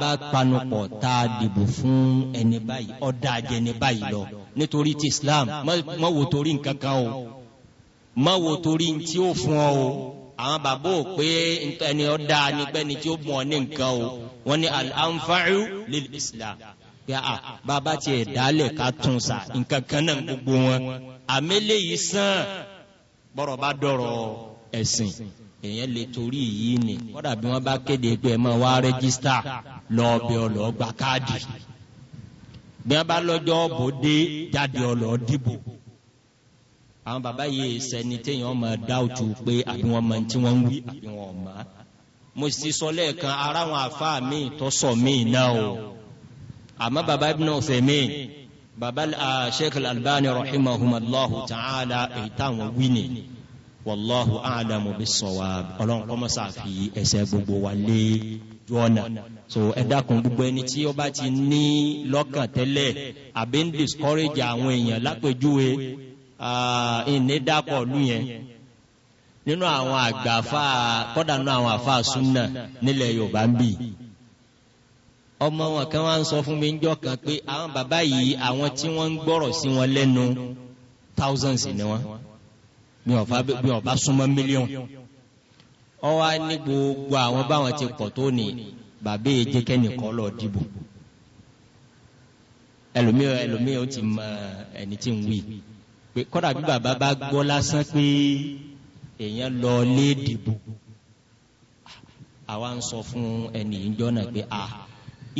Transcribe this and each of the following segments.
bá panupọ̀ tá a dìbò fún ẹni báyìí ọ̀dà àjẹni báyìí lọ nítorí ti islam má wo torí nǹkan kan o má wo torí tí ó fún ọ o àwọn bàbá ò pé ẹni ọ̀dà nígbẹ́ni tí ó mú ní nǹkan o wọ́n ní al lil islam pé a bàbá tí ẹ̀ dálẹ̀ ká tún sa nǹkan kan náà gbogbo wọn àmẹ́lẹ́ yìí sàn bọ́rọ̀ bá dọ̀rọ̀ ẹ̀sìn èèyàn lè torí yìí ni kódà bí wọ́n bá kéde pé ẹ máa wá rẹ́gísítà lọ́ọ̀bẹ ọ̀lọ́ gba káàdì bí wọ́n bá lọ́jọ́ bò dé jáde ọ̀lọ́ dìbò àwọn bàbá yìí sẹni téèyàn máa dáwùtú pé àbí wọ́n máa tí wọ́n ń wí àbí wọ́n mọ̀ á mo sì sọ lẹ́ẹ̀kan ara àwọn àfa mi tó sọ mí náà o àmọ́ bàbá Ibn Uthaymeen bàbá Sheikh Al-Albani rahimahumullahu ta'ala èyí táwọn wí nìyí wallahu a'lamu bi sawab ọlọ́run kọ́ mọ́sá fi ẹsẹ̀ gbogbo wa lé ju so ẹ dákun gbogbo ẹni tí ó bá ti ní lọ́kàn tẹ́lẹ̀ àbí ń discourage àwọn èèyàn lápèjúwe ìnídàpọ̀ lù yẹn nínú àwọn àgbàfà kọ́dà nínú àwọn àfà súnà nílẹ̀ Yorùbá ń bì ọmọ wọn kan wá ń sọ fún mi ńjọ́ kan pé àwọn bàbá yìí àwọn tí wọ́n ń gbọ́rọ̀ sí wọn lẹ́nu thousands ni wọ́n bí ọba súnmọ́ mílíọ̀n ọ wá ní gbogbo àwọn báwọn ti pọ̀ tó ní bàbá èjì kẹ́nìkan lọ dìbò ẹlòmíràn ẹlòmíràn ó ti mọ ẹni tí ń wí pé kọ́dà bí bàbá bá gbọ́ lásán pé èèyàn lọ lé dìbò àwa ń sọ fún ẹnì yìí jọ́nà pé a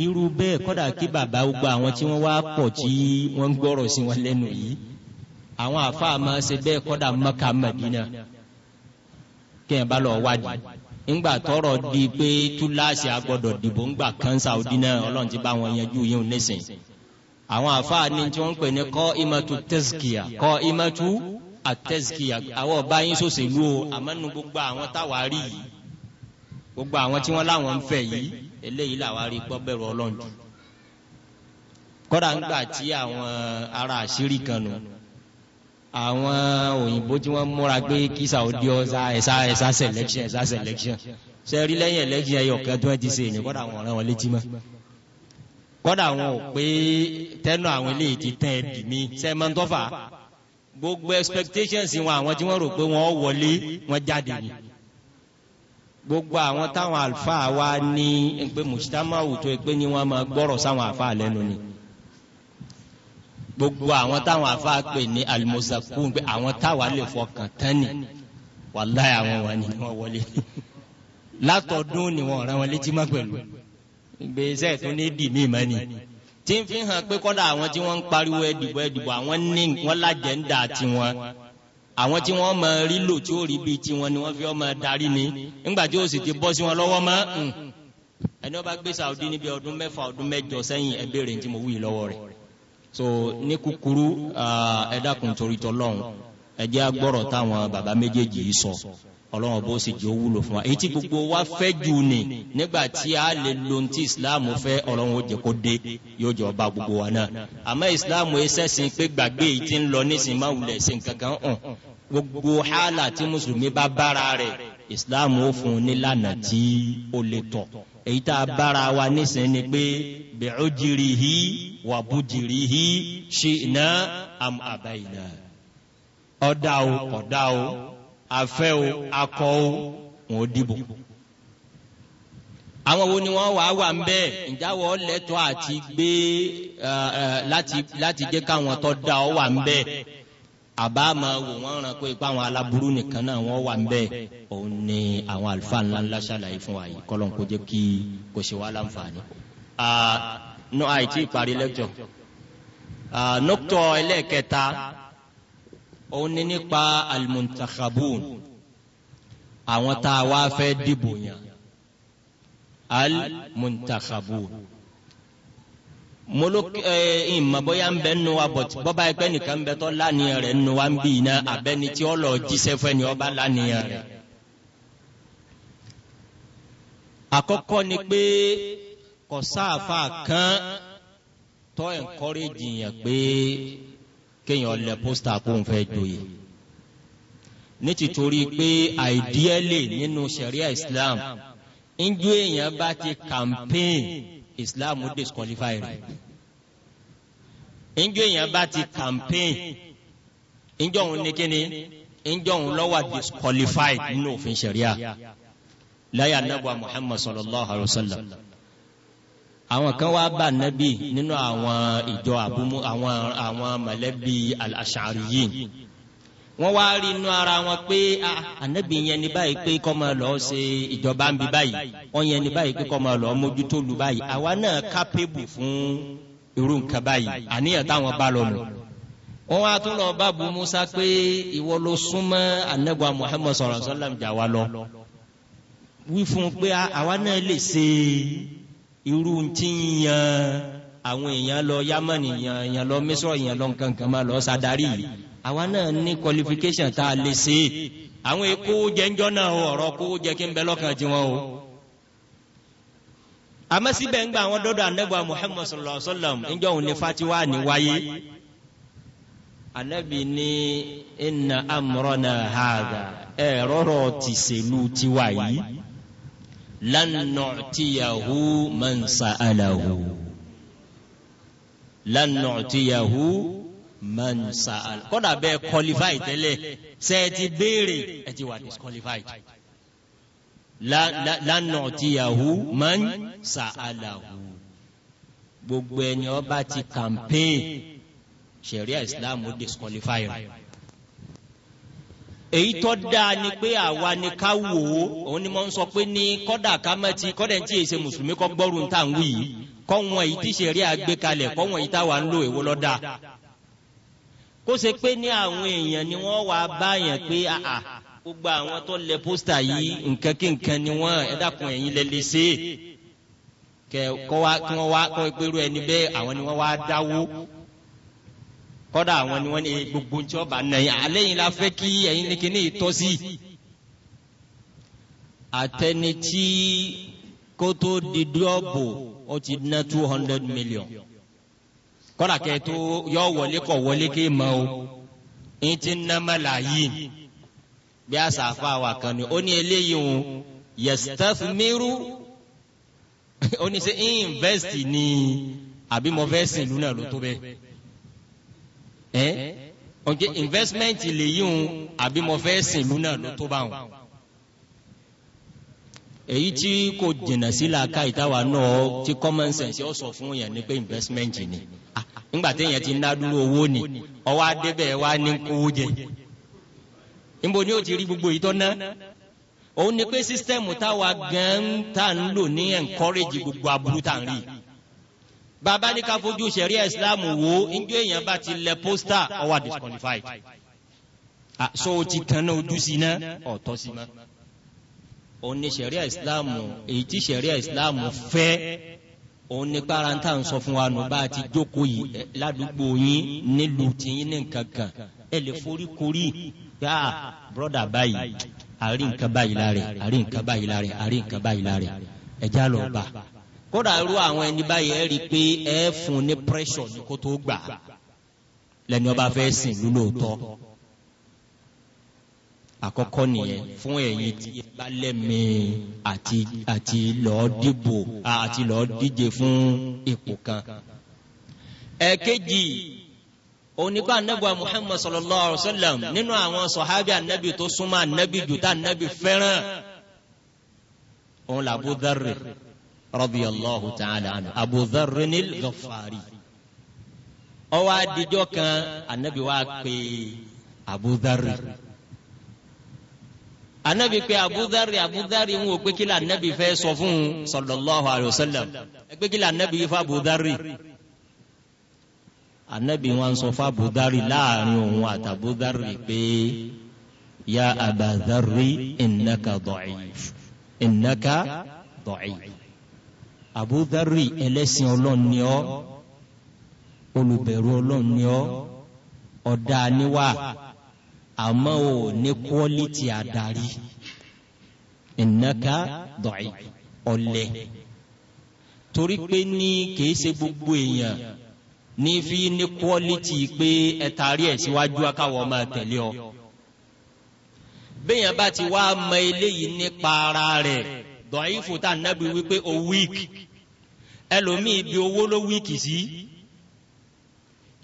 irú bẹ́ẹ̀ kọ́dà kí bàbá gbogbo àwọn tí wọ́n wá pọ̀ tí wọ́n gbọ́rọ̀ sí wọn lẹ́nu yìí àwọn àfáà máa ṣe bẹ́ẹ̀ kọ́dà Mẹ́kà Mẹ́dínà kẹ́hìn bá lọ wádìí ńgbà tọrọ di pé túláàsì agbọ́dọ̀ dìbò ńgbà kan Saudi náà Ọlọ́run ti bá wọn yanjú yìí nísìn àwọn àfáà ní tí wọ́n ń pè ní kọ́ imatu tẹ́síkìá kọ́ imatu àtẹ́síkìá àwọn ọba yín sòṣèlú o àmọ́ nu gbogbo àwọn táwárí yìí gbogbo àwọn tí wọ́n láwọn ń fẹ́ yìí eléyìí làwọn arí pọ́ bẹ̀rù Ọlọ́run kọ́dà ńgbà tí àwọn ará àṣírí kan nù. No àwọn òyìnbó tí wọ́n múra pé kí Saudi ọ̀sá ẹ̀sá ẹ̀sá selection ẹ̀sá selection ṣe rí lẹ́yìn election ẹ̀yọ̀ kan tí wọ́n ti ṣe ní kọ́dà àwọn ọ̀rẹ́ wọn létí mọ́ kọ́dà àwọn ò pé tẹ́nu àwọn eléyìí ti tẹ́ ẹ bì mí ṣe máa ń tọ́fà gbogbo expectations wọn àwọn tí wọ́n rò pé wọ́n wọlé wọ́n jáde ni gbogbo àwọn táwọn àlùfáà wa ní pé mùsítámáwù tó pé ní wọ́n máa gbọ́rọ̀ sáwọn àlùfáà lẹ́nu ni gbogbo àwọn táwọn afa ní alimusakun pé àwọn táwa lè fọkàn tán ni wàláyà àwọn wà ní wọn wọlé látọdún ni wọn rán wọn létí má pẹ̀lú gbèsè tó ní dì mí mọ ni tí n fi hàn pé kọ́dà àwọn tí wọ́n ń pariwo ẹ̀dìbò ẹ̀dìbò àwọn ní wọn lájẹ̀ ń dà tiwọn àwọn tí wọ́n máa rí lò tí ó rí bíi tiwọn ni wọ́n fi ọmọ darí ni nígbà tí ó sì ti bọ́ sí wọn lọ́wọ́ mọ́ ẹni wọ́n bá gbé Saudi níbi ọdún mẹ́fà ọdún mẹ́jọ sẹ́yìn ẹ ní tí mo wí lọ́wọ́ rẹ̀ so ní kúkúrú ẹ dákun torí tọlọ́hún ẹ jẹ́ agbọ́rọ̀ táwọn bàbá méjèèjì yìí sọ ọlọ́run bó sì jẹ́ ó wúlò fún wa èyí tí gbogbo wa fẹ́ jù ní nígbà tí a lè lo ohun tí ìsìláàmù fẹ́ ọlọ́run ó jẹ́ kó dé yóò jọ bá gbogbo wa náà àmọ́ ìsìláàmù ẹsẹ̀sìn pé gbàgbé yìí ti ń lọ nísìnyí máa wulẹ̀ sí nǹkan kan hàn gbogbo hálà tí mùsùlùmí bá bára rẹ̀ islam ó fún un nílànà tí ó lè tọ̀ èyí tá a bára wa nísìn ni pé bẹ̀rù jìrì hí wà bú jìrì hí ṣì iná am àbá iná ọ̀dà o ọ̀dà o afẹ́ o akọ o wọn ò dìbò àwọn wo ni wọn wà wà ń bẹ ìjáwọ lẹtọ àti gbé láti jẹ káwọn tó da ọ wà ń bẹ àbá máa wò wọ́n ràn pé ipá àwọn aláburú nìkan náà wọ́n wà nbẹ̀ òun ni àwọn àlùfáà ńlá ńlá ṣàlàyé fún wa yìí kọ́lọ́n kó jẹ́ kí kò ṣe wá láǹfààní. nọ àìtí ìparí lẹ́kítọ̀ nọ́kítọ̀ ẹlẹ́ẹ̀kẹta òun ni nípa almuntakhabun àwọn tá a wá fẹ́ dìbò yàn almuntakhabun. Al moloki ẹ ìmọ̀bọ́yà ń bẹ nù wa bọ̀ bọ́ba ẹgbẹ́ nìkan ń bẹ tọ́ lánìyàn rẹ̀ nù wa ń bì iná abẹ́ni tí ó lọ jíṣẹ́ fún ẹni ọba lánìyàn rẹ̀. àkọ́kọ́ ni pé kò kan tọ́ ẹ̀ńkọ́rẹ́jì yẹn pé kéèyàn lẹ pósítà kó ń fẹ́ joyè. ní títorí pé àìdíẹ́lè nínú sẹ̀ríà Islam ń jó èèyàn bá ti kàmpéènì islam disqualify rẹ̀ njọ́ èèyàn bá ti campaign njọ́ òun ní kíni njọ́ òun lọ́wọ́ disqualified nínú òfin ṣẹ̀ríà láyé anábọ̀ muhammad sallallahu alayhi wa sallam àwọn kan wá bá nabi nínú àwọn ìjọ àbúmú àwọn àwọn mọ̀lẹ́bí al-ashariyin. Al wọ́n wá rí inú ara wọn pé ah, ànábì yẹn ní báyìí pé kọ́ máa lọ ṣe ìjọba ń bi báyìí wọ́n yẹn ní báyìí pé kọ́ máa lọ mójútó lu báyìí àwa náà kápébù fún irú nǹkan báyìí àníyàn táwọn bá lọ lọ wọ́n wá tún lọ bá bu musa pé ìwọ ló súnmọ́ anabi muhammed sọ̀rọ̀ sọ́lám jà wá lọ wí fún un pé ah, àwa náà lè ṣe irú ti yan àwọn èèyàn lọ yámánì yan yan lọ mísírọ̀ yan lọ nǹkan kan máa lọ sadarí yìí àwa náà ní qualification tá a lè ṣe é àwọn èkó jẹ́njọ́ náà ọ̀rọ̀ kó jẹ́ kí n bẹ lọ́kàn tiwọn o. àmọ́ síbẹ̀ ń gba àwọn dọ́dọ̀ anagba muhammed sallallahu alayhi wa sallam níjọ́ òun ni fatiwa ni wáyé. anabi ní inna amrana hadha ẹ̀ rọ́rọ̀ ti sèlú tiwa yìí lan nu'tiyahu man sa'alahu lan nu'tiyahu man sa'al kódà bẹ́ẹ̀ qualified tẹ́lẹ̀ ṣe é ti béèrè ẹ ti wà disqualified lánàá ti yahu man sa'alahu gbogbo ẹni ọba ti campaign ṣẹ̀ríà islam ó disqualify rẹ̀ èyí tó dáa ni pé àwa ni ká wò ó òun ni mo ń sọ pé ní kọ́dà ká má ti kọ́dà tí èsè mùsùlùmí kọ́ gbọ́rù ń tà ń wí yìí kọ́ wọn èyí tí ṣẹ̀ríà gbé kalẹ̀ kọ́ wọn èyí táwa ń lò èwo lọ́dà kó ṣe pé ní àwọn èèyàn ni wọ́n wá báyàn pé àà gbogbo àwọn tó lẹ pósítà yìí nǹkan kí nǹkan ni wọ́n ẹ dákun lẹ lè ṣe kẹ kọ́ wa kí wọ́n wá kọ́ ìpérò ẹni bẹ́ẹ̀ àwọn ni wọ́n wá dáwó kọ́dà àwọn ni wọ́n ní gbogbo ní ọba nàyìn alẹ́ yìí la fẹ́ kí ẹ̀yin ní kíní ìtọ́sí àtẹnití kótó dídúọ̀bù ó ti ná two hundred million. million kọ́ra kẹ́ tó yọ wọlé kọ̀ wọlé ké mọ́ o ní ti ná mẹ́la yìí bí a sàfà wà kan ni ó ní eléyìí o yastafmiru ó ní sẹ́ invest ní àbí mo fẹ́ sìn lúnà ló tó bẹ́ẹ̀ ẹ́ ok investment lè o àbí mo fẹ́ sìn lúnà ló tó bá wọn èyí tí kò jìnnà sí làákà ìtawà náà tí common sense yóò sọ fún yẹn ni pé investment ni nígbà téèyàn ti ná dúró owó ni ọwọ́ adébẹ̀ wa ní kówó jẹ níbo ni ó ti rí gbogbo yìí tọ́ ná òun ni pé sísítẹ́ẹ̀mù táwa gan tá à ń lò ní ẹ̀ńkọ́rẹ́jì gbogbo aburú tá à ń rí bàbá ní ká fojú sẹ̀ríà islam wo njó èèyàn bá ti lẹ pósítà ó disqualified so o ti tan náà ojú sí iná ọ̀tọ́ sí ma òun ni sẹ̀ríà islam èyí tí sẹ̀ríà islam fẹ́ òun ní kpara ń sọ fún wa nù bá a ti jókòó yìí ládùúgbò yín nílùú tìyín ní nkankan ẹ lè forí korí gbà broda báyìí àrí nǹkan báyìí lára àrí nǹkan báyìí lára àrí nǹkan báyìí lára ẹ já lọ bá kódà irú àwọn ẹni báyìí ẹ rí i pé ẹ fún ní pressure ní kó tó gbà lẹni ọba fẹ́ sìn lólóòótọ́ àkọ́kọ́ nìyẹn fún ẹ̀yin tí ẹ bá lẹ́mìí àti àti lọ́ọ́ dìbò àti lọ́ọ́ díje fún ipò kan. ẹ̀kejì onípa anabiwa muhammad sallallahu alaihi wa sallam nínú àwọn sọ̀hábì anabi tó súnmọ́ anabi jù tá anabi fẹ́ràn òun là abu dharri radiyallahu ta'ala anhu abu dharri gafari ọwọ́ adijọ́ kan anabi wa pe abu anabi pe abudari abudari ń wo pé kí la anabi fẹ́ sọ fún un sallallahu alayhi wa sallam pé kí la anabi yìí fún abudari anabi wọn sọ fún abudari láàrin òun àtàbudari pé ya abadari innaka da'if innaka da'if abudari ẹlẹ́sìn ọlọ́run ni ọ́ olùbẹ̀rù ọlọ́run ni àmọ́ ò ní quality adarí innaka da'if ọ̀lẹ torí pé ní kìí ṣe gbogbo èèyàn ní fi ní quality pé ẹ taari ẹ̀ síwájú akáwọ̀ máa tẹ̀lé ọ bẹ́ẹ̀yàn bá ti wá mọ eléyìí nípa ara rẹ̀ da'if tá a wípé o weak ẹlòmíì bí owó ló weak sí. Si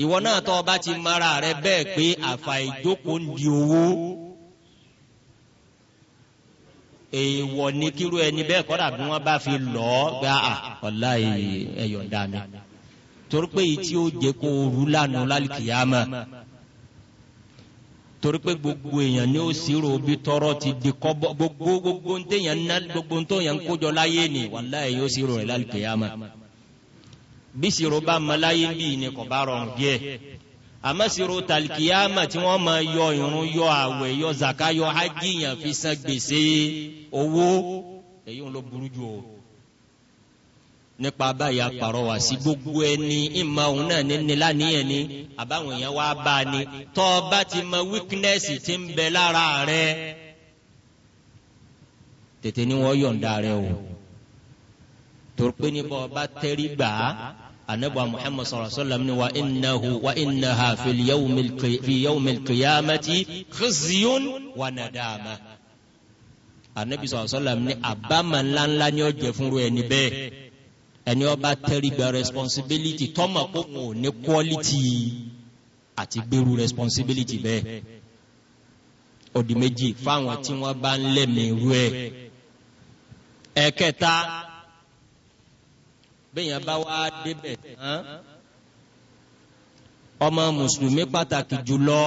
ìwọ náà tó bá ti mara rẹ bẹ́ẹ̀ pé àfà ìjókòó ń di owó èèwọ̀ ní kíru ẹni bẹ́ẹ̀ kọ́dà bí wọ́n bá fi lọ ọ́ gba ọ̀la ẹ̀yọ̀ dàmí torí pé èyí ó jẹ́ kó rú lánàá lálùkìyàmà torí pé gbogbo èèyàn ni ó ṣírò bí tọrọ ti di kọ́bọ̀ gbogbo gbogbo ntẹ̀yàn ná gbogbo ntọ̀yàn kójọ láyé ni wàláyé yóò ṣírò rẹ̀ lálùkìyàmà bí siro bá mọláyé bí ni kò bá rọrùn díẹ̀ àmọ́ siro talikiyama tí wọ́n máa yọ irun yọ àwẹ̀ yọ zaka yọ ajíyàn fi san gbèsè owó èyí ń lọ burú jù o nípa báyà pàrọwà sí gbogbo ẹni ìmọ̀ òun náà ní nílá ni àbáwọn èèyàn wá bá a ni tọ́ ọ bá ti mọ wíkínẹ́sì tí ń bẹ lára rẹ tètè ni wọ́n yọ̀ǹda rẹ o torí pé níbo ọba tẹ́rí gbà anabu muhammad sallallahu alaihi wa sallam ni wa innahu wa innaha fi yawmil qiyamati khizyun wa nadama anabi sallallahu alaihi wa sallam ni abama ńláńlá ni ó jẹ fúnru ẹni bẹ́ẹ̀ ẹni ọba tẹrígbà responsibility tọmọ kó kò quality àti gbèrú responsibility bẹ́ẹ̀ òdì méjì fáwọn tí wọ́n bá ń lẹ̀mí irú ẹ̀ ẹ̀kẹta bẹ́yàn bá wá débẹ̀ tán ọmọ mùsùlùmí pàtàkì jùlọ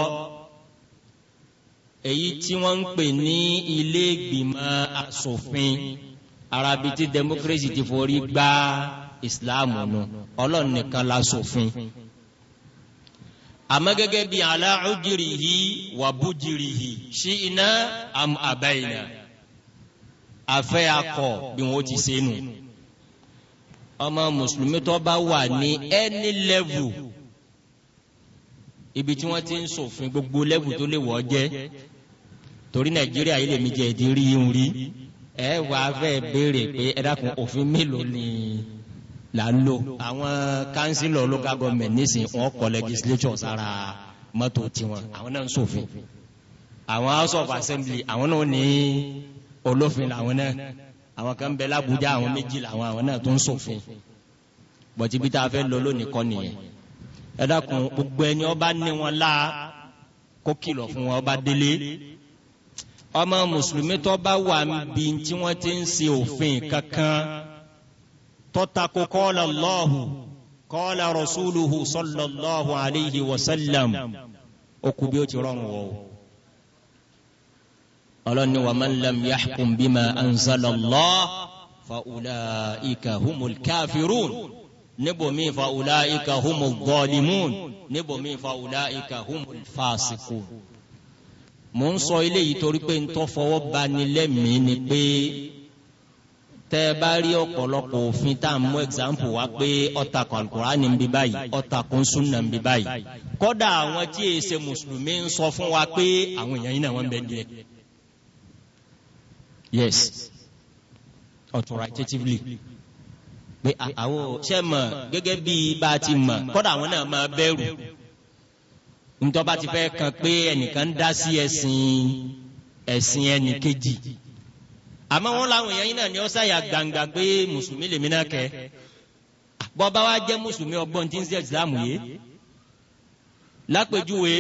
èyí tí wọ́n ń pè ní ilé ìgbìmọ̀ asòfin arabi tí democracy ti forí gba islam nù ọlọ́run nìkan la sòfin àmọ́ gẹ́gẹ́ bí aláhùjìrìhì wàbújìrìhì ṣí iná àbẹ̀yìnà àfẹ́ akọ bí wọ́n ti ṣe ọmọ mùsùlùmí tó bá wà ní any level ibi tí wọ́n ti ń ṣòfin gbogbo level tó lè wọ́ jẹ́ torí nàìjíríà yìí lèmi jẹ́ ìdí rí ń rí ẹ wàá fẹ́ béèrè pé ẹ dákun òfin mélòó ni là ń lò àwọn councilor local government nísìn wọn kọ legislature sára mọ́tò tiwọn àwọn náà ń ṣòfin àwọn house of assembly àwọn náà ní olófin làwọn náà àwọn kan bẹ lábújá àwọn méjì làwọn àwọn náà tó ń ṣòfin bọ̀tí bí tá a fẹ́ lọ lónìí kọ́ nìyẹn ẹ dákun gbogbo ẹni ọba ní wọn lá kó kìlọ̀ fún wọn ọba délé ọmọ mùsùlùmí tó bá wà níbi tí wọ́n ti ń ṣe òfin kankan tọ́tako kọ́lá lọ́hù kọ́lá rasuluhu sallallahu alayhi wa sallam okùn bí ó ti rọrùn wọ̀ o ọlọ́ni wa man lam yahkum bima anzala Allah fa ulaika humul kafirun níbòmí fa ulaika humul zalimun níbòmí fa ulaika humul fasiqun mo ń sọ ilé yìí torí pé ntọ́ fọwọ́ ba ni lẹ́mìí ni pé tẹ́ ẹ bá rí ọ̀pọ̀lọpọ̀ òfin tá a mú example wá pé ọ̀tà kọ̀ọ̀kọ̀rá ni ń bí báyìí ọ̀tà kọ̀ọ̀sùn náà ń bí báyìí kọ́dà àwọn tí èsè mùsùlùmí ń sọ fún wa pé àwọn èèyàn yìí náà wọ́n ń díẹ̀ yes authoritatively pé àwọn ṣe mọ̀ gẹ́gẹ́ bí bá a ti mọ̀ kọ́dà àwọn náà máa bẹ̀rù ntọ́ba ti fẹ́ kan pé ẹnìkan ń dá sí ẹ̀sìn ẹ̀sìn ẹnì kejì àmọ́ wọn làwọn èèyàn yín náà ni ó ṣàyà gbangba pé mùsùlùmí lèmi náà kẹ́ bọ́ba wa jẹ́ mùsùlùmí ọgbọ́n tí ń ṣe ìsìlámù yìí lápèjúwe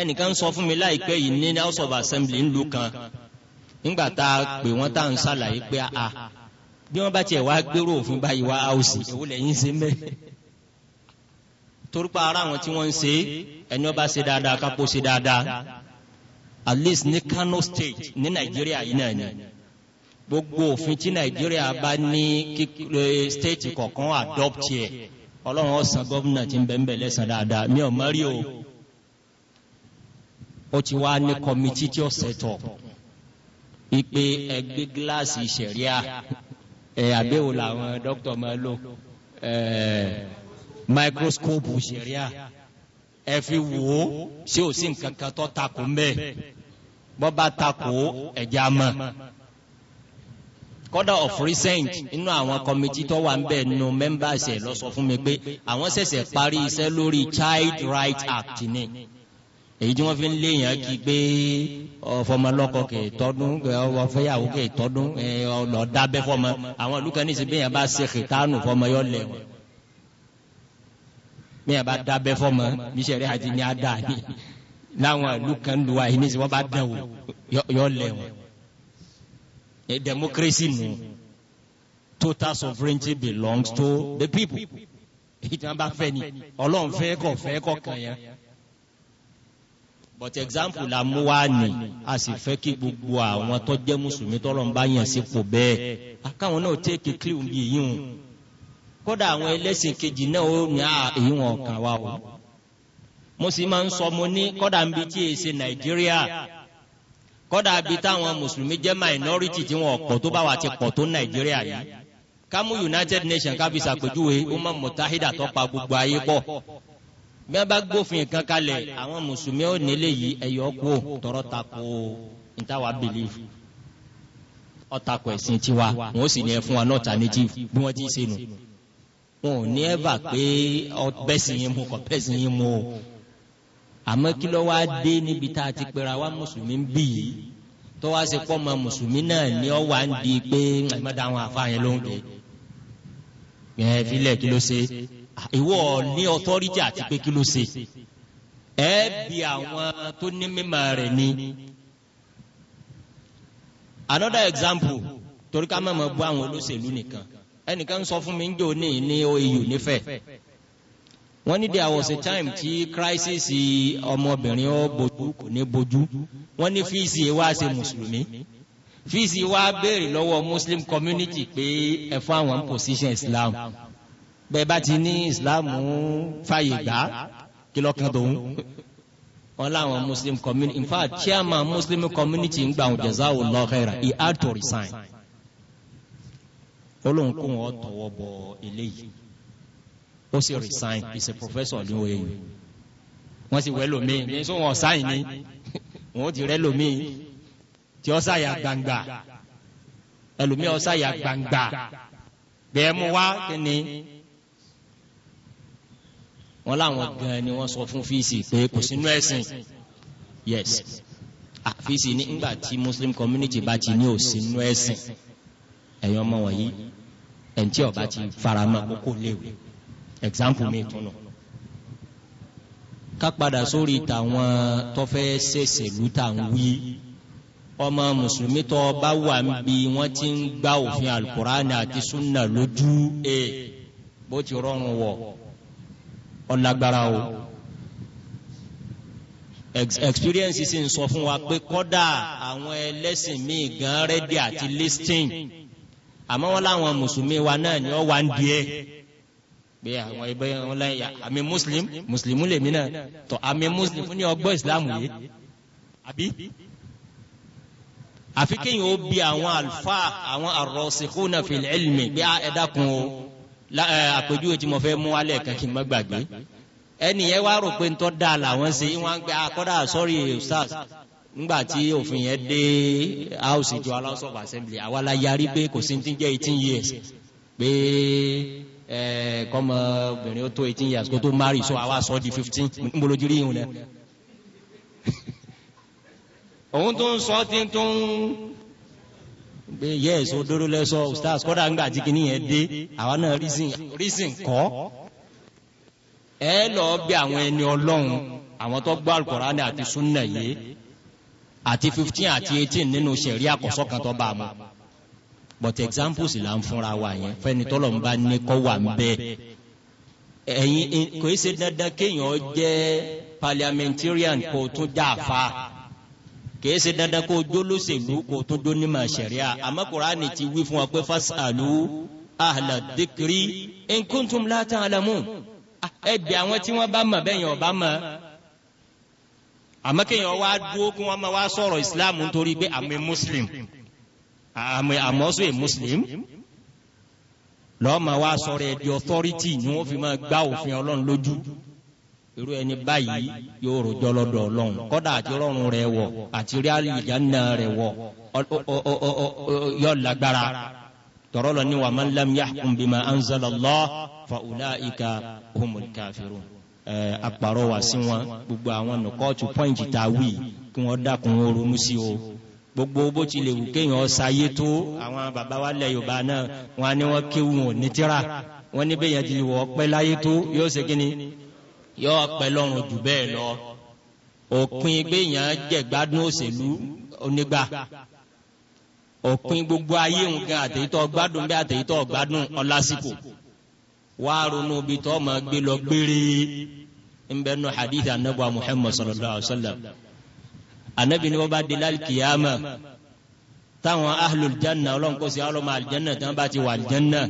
ẹnìkan sọ fún mi láìpẹ́ yìí ní house of assembly ńlu kan ńgbà tá a pè wọ́n tá à ń pé a ah, ah, bí wọ́n bá tiẹ̀ wá gbérò òfin báyìí wá áùsì èwo lẹ́yìn ṣe mẹ́ torípa ara àwọn tí wọ́n ń ṣe ẹni ọba ṣe dáadáa kápó ṣe dáadáa at least ní Kano State ní Nàìjíríà yìí náà ni gbogbo òfin tí Nàìjíríà bá ní kíkiri e, state kọ̀ọ̀kan adopt yẹ ọlọ́run ọ̀sán gómìnà ti ń bẹ̀ẹ́ lẹ́sàn dáadáa mi ò mọ́rí o ó ti wá ní committee tí ó set up wípé ẹgbẹ́ gíláàsì sẹ̀ríà ẹ̀ àgbéwò làwọn dókítà máa lò ẹ̀ máikróskópù sẹ̀ríà ẹ fi wò ó ṣé ò sí nǹkan kan tó takò mbẹ́ bọ́ bá takò ẹ̀já mọ̀ kọ́dà of recent inú àwọn kọmitì tó wà ń bẹ̀ nù members ẹ̀ lọ sọ fún mi pé àwọn ṣẹ̀ṣẹ̀ parí iṣẹ́ lórí Child Rights Act ni èyí tí wọ́n fi ń léèyàn kí pé ọ̀fọ̀mọlọ́kọ kè tọ́dún ọ̀fẹ́yàwó kè tọ́dún ọ̀lọ́dábẹ́ fọmọ àwọn ìlú kan níṣẹ́ bẹ́yàn bá ṣe kìtánù fọmọ yọ lẹ̀ wọ́n bẹ́yàn bá dábẹ́ fọmọ níṣẹ́rẹ́ àti ní adá ni láwọn ìlú kan lu wa yìí níṣẹ́ wọ́n bá dẹ̀ wò yọ lẹ̀ wọ́n democracy nù total sovereignty belongs to the people èyí tí wọ́n bá fẹ́ ni ọlọ́run fẹ́ kọ̀ fẹ́ kọ̀ kàn yẹn but example la mú wá ní a sì fẹ́ kí gbogbo àwọn tó jẹ́ mùsùlùmí tọ́lọ̀ ń bá yàn sípò bẹ́ẹ̀ akáwọn náà tẹ́ẹ̀kì clean bí èyí hùn kódà àwọn ẹlẹ́sìn kejì náà ó ní ah, èyí wọn kàn wá o mo sì máa ń sọ mo ní kódà ń bi tí èyí ṣe nàìjíríà kódà bi táwọn mùsùlùmí jẹ́ minority tí wọn pọ̀ tó bá wà ti pọ̀ tó nàìjíríà yìí kámú united nations kábísà pèjúwe ó mọ̀ mọ̀tahídà tó pa gbogbo ayé pọ̀ bí wọn bá gbófin kan kalẹ̀ àwọn mùsùlùmí ò nílé yìí ẹyọ kú tọrọ tako ntàwa believe ọtakọ ẹ̀sìn tiwa wọn sì ní ẹ fún wa náà alternative bí wọn ti ṣe nù wọn ò ní ẹ bà pé bẹ́sìn yín mu kọ bẹ́sìn yín mu o àmọ́ kí ló wá dé níbi tá a ti pera wa mùsùlùmí ń bì yìí tó wá ṣe pọ́ ọmọ mùsùlùmí náà ni ọ wá ń di pé ẹ má da àwọn àfa ló ń ké ẹ fi kí ló ṣe ìwọ ní ọtọ́rìtì àti pé kí ló ṣe ẹ bi àwọn tó ní mímọ̀ rẹ̀ ni. another example torí ká mọ̀mọ́ bú àwọn olóṣèlú nìkan ẹnìkan sọ fún mi ń jò ní ní OAU nífẹ̀ẹ́ wọ́n ní there was a time tí crisis ọmọbìnrin ó bojú kò ní bojú wọ́n ní fíìsì wá ṣe mùsùlùmí fíìsì wá béèrè lọ́wọ́ muslim community pé ẹ fún àwọn position islam. islam bẹ́ẹ̀ bá ti ní ìsìláàmù fàyè gbà kìlọ̀ kan tòun wọn làwọn muslim community in fact chairman muslim community ń gbà wọn jazakallahu khairan he had to resign olóńkùn wọn tọwọ́ bọ eléyìí ó sì resign is a professor ní oyè yìí wọ́n sì wẹ́ lómi ní sọ wọn sáyìn ni wọ́n ti rẹ́ lómi tí ó sáyà gbangba ẹlòmí ó gbangba bẹ́ẹ̀ mú wá kí ni wọn làwọn gan ni wọ́n sọ fún fíìsì pé kò sínú ẹ̀sìn yes fíìsì ní ìgbà tí muslim community bá ti ní òsínú ẹ̀sìn ẹ̀yin ọmọ wọ̀nyí ẹ̀ǹtí ọba ti faramọ́ kókó léwu example mi tún nù. ká padà sórí tàwọn tọ́fẹ́ ṣèṣe lù tà ń wí ọmọ mùsùlùmí tó bá wà ń bi wọ́n ti ń gba òfin alukur'an àti sunna lójú ẹ̀ eh, bó ti rọrùn wọ̀ ọlágbára o experience sì ń sọ fún wa pé kọ́dà àwọn ẹlẹ́sìn míì gan rẹ́dí àti listing àmọ́ wọn láwọn mùsùlùmí wa náà ni ó wà ń di ẹ́ pé àwọn ẹgbẹ́ wọn láyé àmì muslim muslim lèmi náà tọ́ àmì muslim fún ní ọgbọ́ islam yìí àbí àfi kéèyàn ó bi àwọn alfa àwọn arrasikhuna fil ilmi bí ah, ẹ dákun o. Eh, àpèjúwe tí mo fẹ́ mú wálẹ̀ kan kí n má gbàgbé ẹnì yẹn wá rò pé ntọ́ da làwọn ṣe wọn gbé akọ́dà ah, sọ́rí ustaz nígbà tí òfin yẹn dé house ìjọ House of Assembly àwa la yarí pé kò sí ti jẹ́ eighteen years pé ẹ eh, kọ́mọ obìnrin ó tó eighteen years kó tó marry so àwa sọ di fifteen nbolojú rí ìhun lẹ. òun tó ń sọ tí tó ń Yes, yẹ́s òdodo lẹ́sọ stars kọ́dà ńgbà tí kìíní yẹn dé àwa náà reason reason kọ́ ẹ lọ bí àwọn ẹni ọlọ́run àwọn tó gbọ́ Al-Qur'ani àti sunna yìí àti fifteen àti eighteen nínú sẹ̀rí àkọ́sọ́ kan tó bá a mọ̀ but examples là ń fúnra wa yẹn fẹ́ni tọ́lọ̀ ń bá ní kọ́ wà ń bẹ́ẹ̀ ẹ̀yin kò í dandan kéèyàn jẹ́ parliamentarian kó tún já àfa kìí ṣe dandan kó jólóṣèlú kó tún dó ní màá ṣẹ̀ríà àmọ́ kùránì ti wí fún wa pé fasalu ahla dhikri in kuntum la ta'lamun ẹ bi àwọn tí wọ́n bá mọ̀ bẹ́yìn ọ̀bá mọ̀ àmọ́ kéèyàn wá dúró kí wọ́n máa wá sọ̀rọ̀ islam nítorí pé àmì muslim àmì àmọ́sọ è muslim lọ́ọ́ máa wá sọ̀rọ̀ ẹ̀ di authority ni wọ́n fi máa gbá òfin ọlọ́run lójú irú ẹni báyìí yóò rojọ́ lọ́dọ̀ ọlọ́run kọ́dà àti rọrùn rẹ̀ wọ̀ àti rí àlìjáná rẹ̀ wọ̀ yọ lágbára tọ̀rọ̀ lọ ní wa man lam yahkum bima anzala Allah fa ulaika humul kafirun. ẹ àpàrọ̀ wá sí wọn gbogbo àwọn nùkọ́ọ̀tù pọ́ǹtì tá a wí kí wọ́n dákun ronú sí o gbogbo bó ti lè wù kéèyàn ọ̀sáyé tó àwọn bàbá wa lẹ̀ yorùbá náà wọn ni wọn kéwù wọn ní wọn níbẹ̀ yẹn ti wọ̀ ọ́ láyé tó yóò ṣe kí ni yọ pẹlọrun jù bẹ́ẹ̀ lọ òpin gbẹ̀yàn jẹ̀gbádùn òṣèlú onígbà òpin gbogbo ayé nǹkan àtẹ̀yítọ́ gbádùn bí àtẹ̀yítọ́ gbádùn ọlásìkò wàá ronú bí tọ́ ma gbé lọ gbére nbẹ́nu hadith anabuwa muhammad sallallahu alaihi wa sallam anabi ni wọ́n bá di lálkìyàmà táwọn ahlul janna ọlọ́run kò sí ọlọ́mọ aljanna tí wọ́n bá ti wà aljanna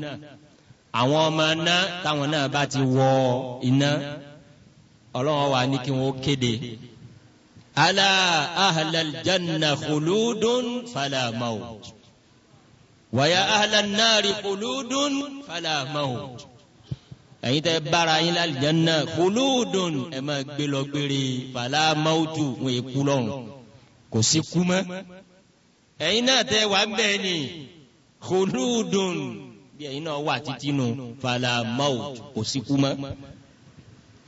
àwọn ọmọ náà táwọn náà bá ti wọ iná ọlọ́run wa ní kí wọ́n kéde ala ahlal janna khuludun fala maut wàyà ahlal nari khuludun fala maut ẹ̀yin tẹ́ bára yín lálìjánná khuludun ẹ̀ máa gbé lọ gbére fala mautu wọn èkú lọ́run kò sí kú mọ́ ẹ̀yin náà tẹ́ wà bẹ́ẹ̀ ni khuludun bí ẹ̀yin náà wà títí nù fala maut kò sí kú mọ́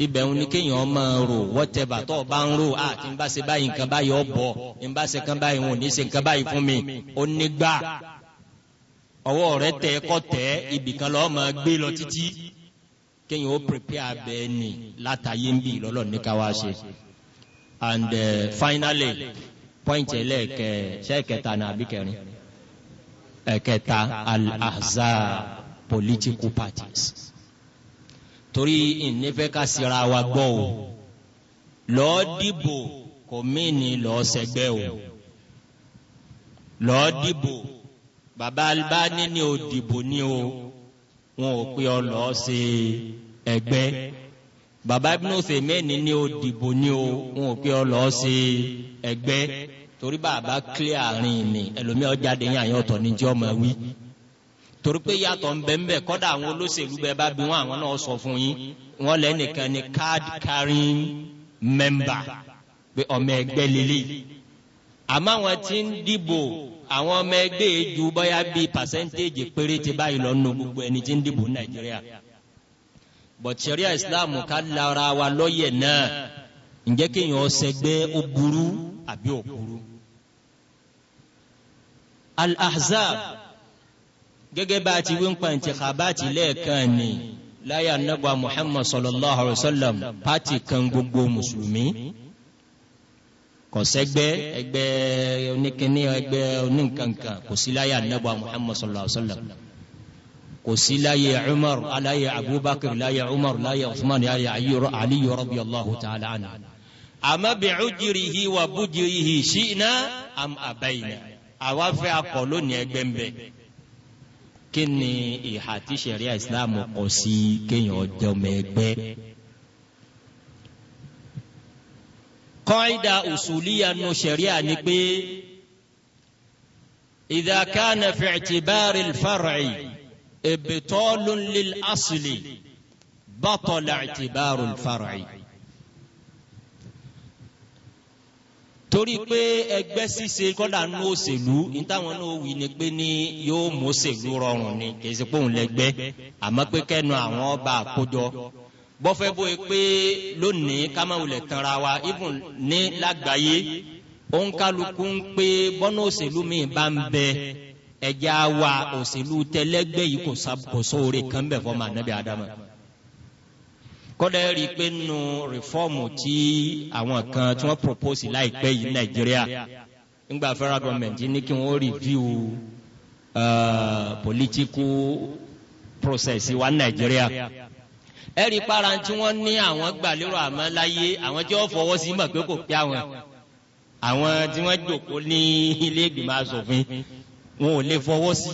ibẹ̀ ń ní kéèyàn máa rò whatever tó bá ń rò à ah, tí ń bá ṣe báyìí nǹkan báyìí ọ bọ̀ ń bá ṣe nǹkan báyìí wọn ò ní ṣe nǹkan báyìí fún mi ó ní gbà ọwọ́ rẹ tẹ kọ́ tẹ ibìkan lọ́ọ́ máa gbé lọ títí kéèyàn ó prepare bẹ́ẹ̀ ni látàyé ń bì lọ́lọ́ ní ká wá ṣe and uh, finally point ẹlẹ́ẹ̀kẹ́ ṣẹ́ẹ̀kẹta ní àbíkẹrin ẹ̀kẹta al-ahzab political parties torí ìnífẹ́ ká síra wa gbọ́ o lọ́ọ́ dìbò kò mìíní lọ́ọ́ sẹgbẹ́ o lọ́ọ́ dìbò bàbá Albani ni o dìbò ni o wọn ò pé ọ lọ́ọ́ ṣe ẹgbẹ́ bàbá Ibn Uthaymeen ni o dìbò ni o wọn ò pé ọ lọ́ọ́ ṣe ẹgbẹ́ torí bàbá clear àárín ni ẹlòmíràn jáde yín àyàn ọ̀tọ̀ ní jẹ́ wí torí pé yàtọ̀ ń bẹ ń bẹ kọ́dà àwọn olóṣèlú bẹ́ẹ̀ bá bí wọn àwọn náà sọ fún yín wọn lẹ́nìkan ni card carrying member pé ọmọ ẹgbẹ́ lélẹ̀ àmọ́ àwọn tí ń dìbò àwọn ọmọ ẹgbẹ́ ju bóyá bíi percentage péréte báyìí lọ nù gbogbo ẹni tí ń dìbò ní nàìjíríà but sharia islam ká lára wa lọ́yẹ̀ náà ǹjẹ́ kéèyàn ọ̀sẹ̀gbẹ́ ó burú àbí ò burú al-ahzab gẹ́gẹ́ bá ti wí ń pa ìtìkábàtì lẹ́ẹ̀kan ni láyà nàgbà muhammad sallallahu alayhi wa sallam pati kan gbogbo mùsùlùmí kọsẹgbẹ ẹgbẹ́ oníkíní ẹgbẹ́ onínkankan kò sí láyà nàgbà muhammad sallallahu alayhi wa sallam kò sí láyà umar aláyà abubakar láyà umar láyà usman láyà aliyu rabi allahu ta'ala ana àmọ́ bí ujirihi wa bujirihi ṣìnà am abayna àwa fẹ́ akọ lónìí ẹgbẹ́ ń kí ni ìhà tí sẹ̀ríà islam kọ sí kéèyàn ọjọ́ mẹ́gbẹ́. kọ́ńdà òṣùlíyà nu sẹ̀ríà ni pé idha kana fi i'tibari al-far'i ibtalun lil asli batala torí pé ẹgbẹ́ ṣíṣe kọ́dà ń lo òṣèlú ní táwọn náà wí ni pé ní yóò mú òṣèlú rọrùn ni kì í ṣe pé òun lẹ́gbẹ́ àmọ́ pé kẹ́nu àwọn ọba àkójọ bọ́fẹ́ bóyá pé lónìí kámáwulẹ̀ tanra wa ibùn ní lágbàáyé òun kálukú ń pé bọ́nà òṣèlú mi bá ń bẹ ẹja wa òṣèlú tẹlẹgbẹ́ yìí kò sọ òre kan bẹ̀ fọ́ màá adama kọ́dà rí i pé nù rìfọ́ọ̀mù tí àwọn kan tí wọ́n propose láìpẹ́ yìí nàìjíríà nígbà federal government ní kí wọ́n review uh, political process wa nàìjíríà ẹ rí i para tí wọ́n ní àwọn gbàlérò àmọ́ láyé àwọn tí wọ́n fọwọ́ sí mọ̀ pé kò pé àwọn àwọn tí wọ́n jòkó ní ilé ìgbìmọ̀ asòfin wọn ò lè fọwọ́ sí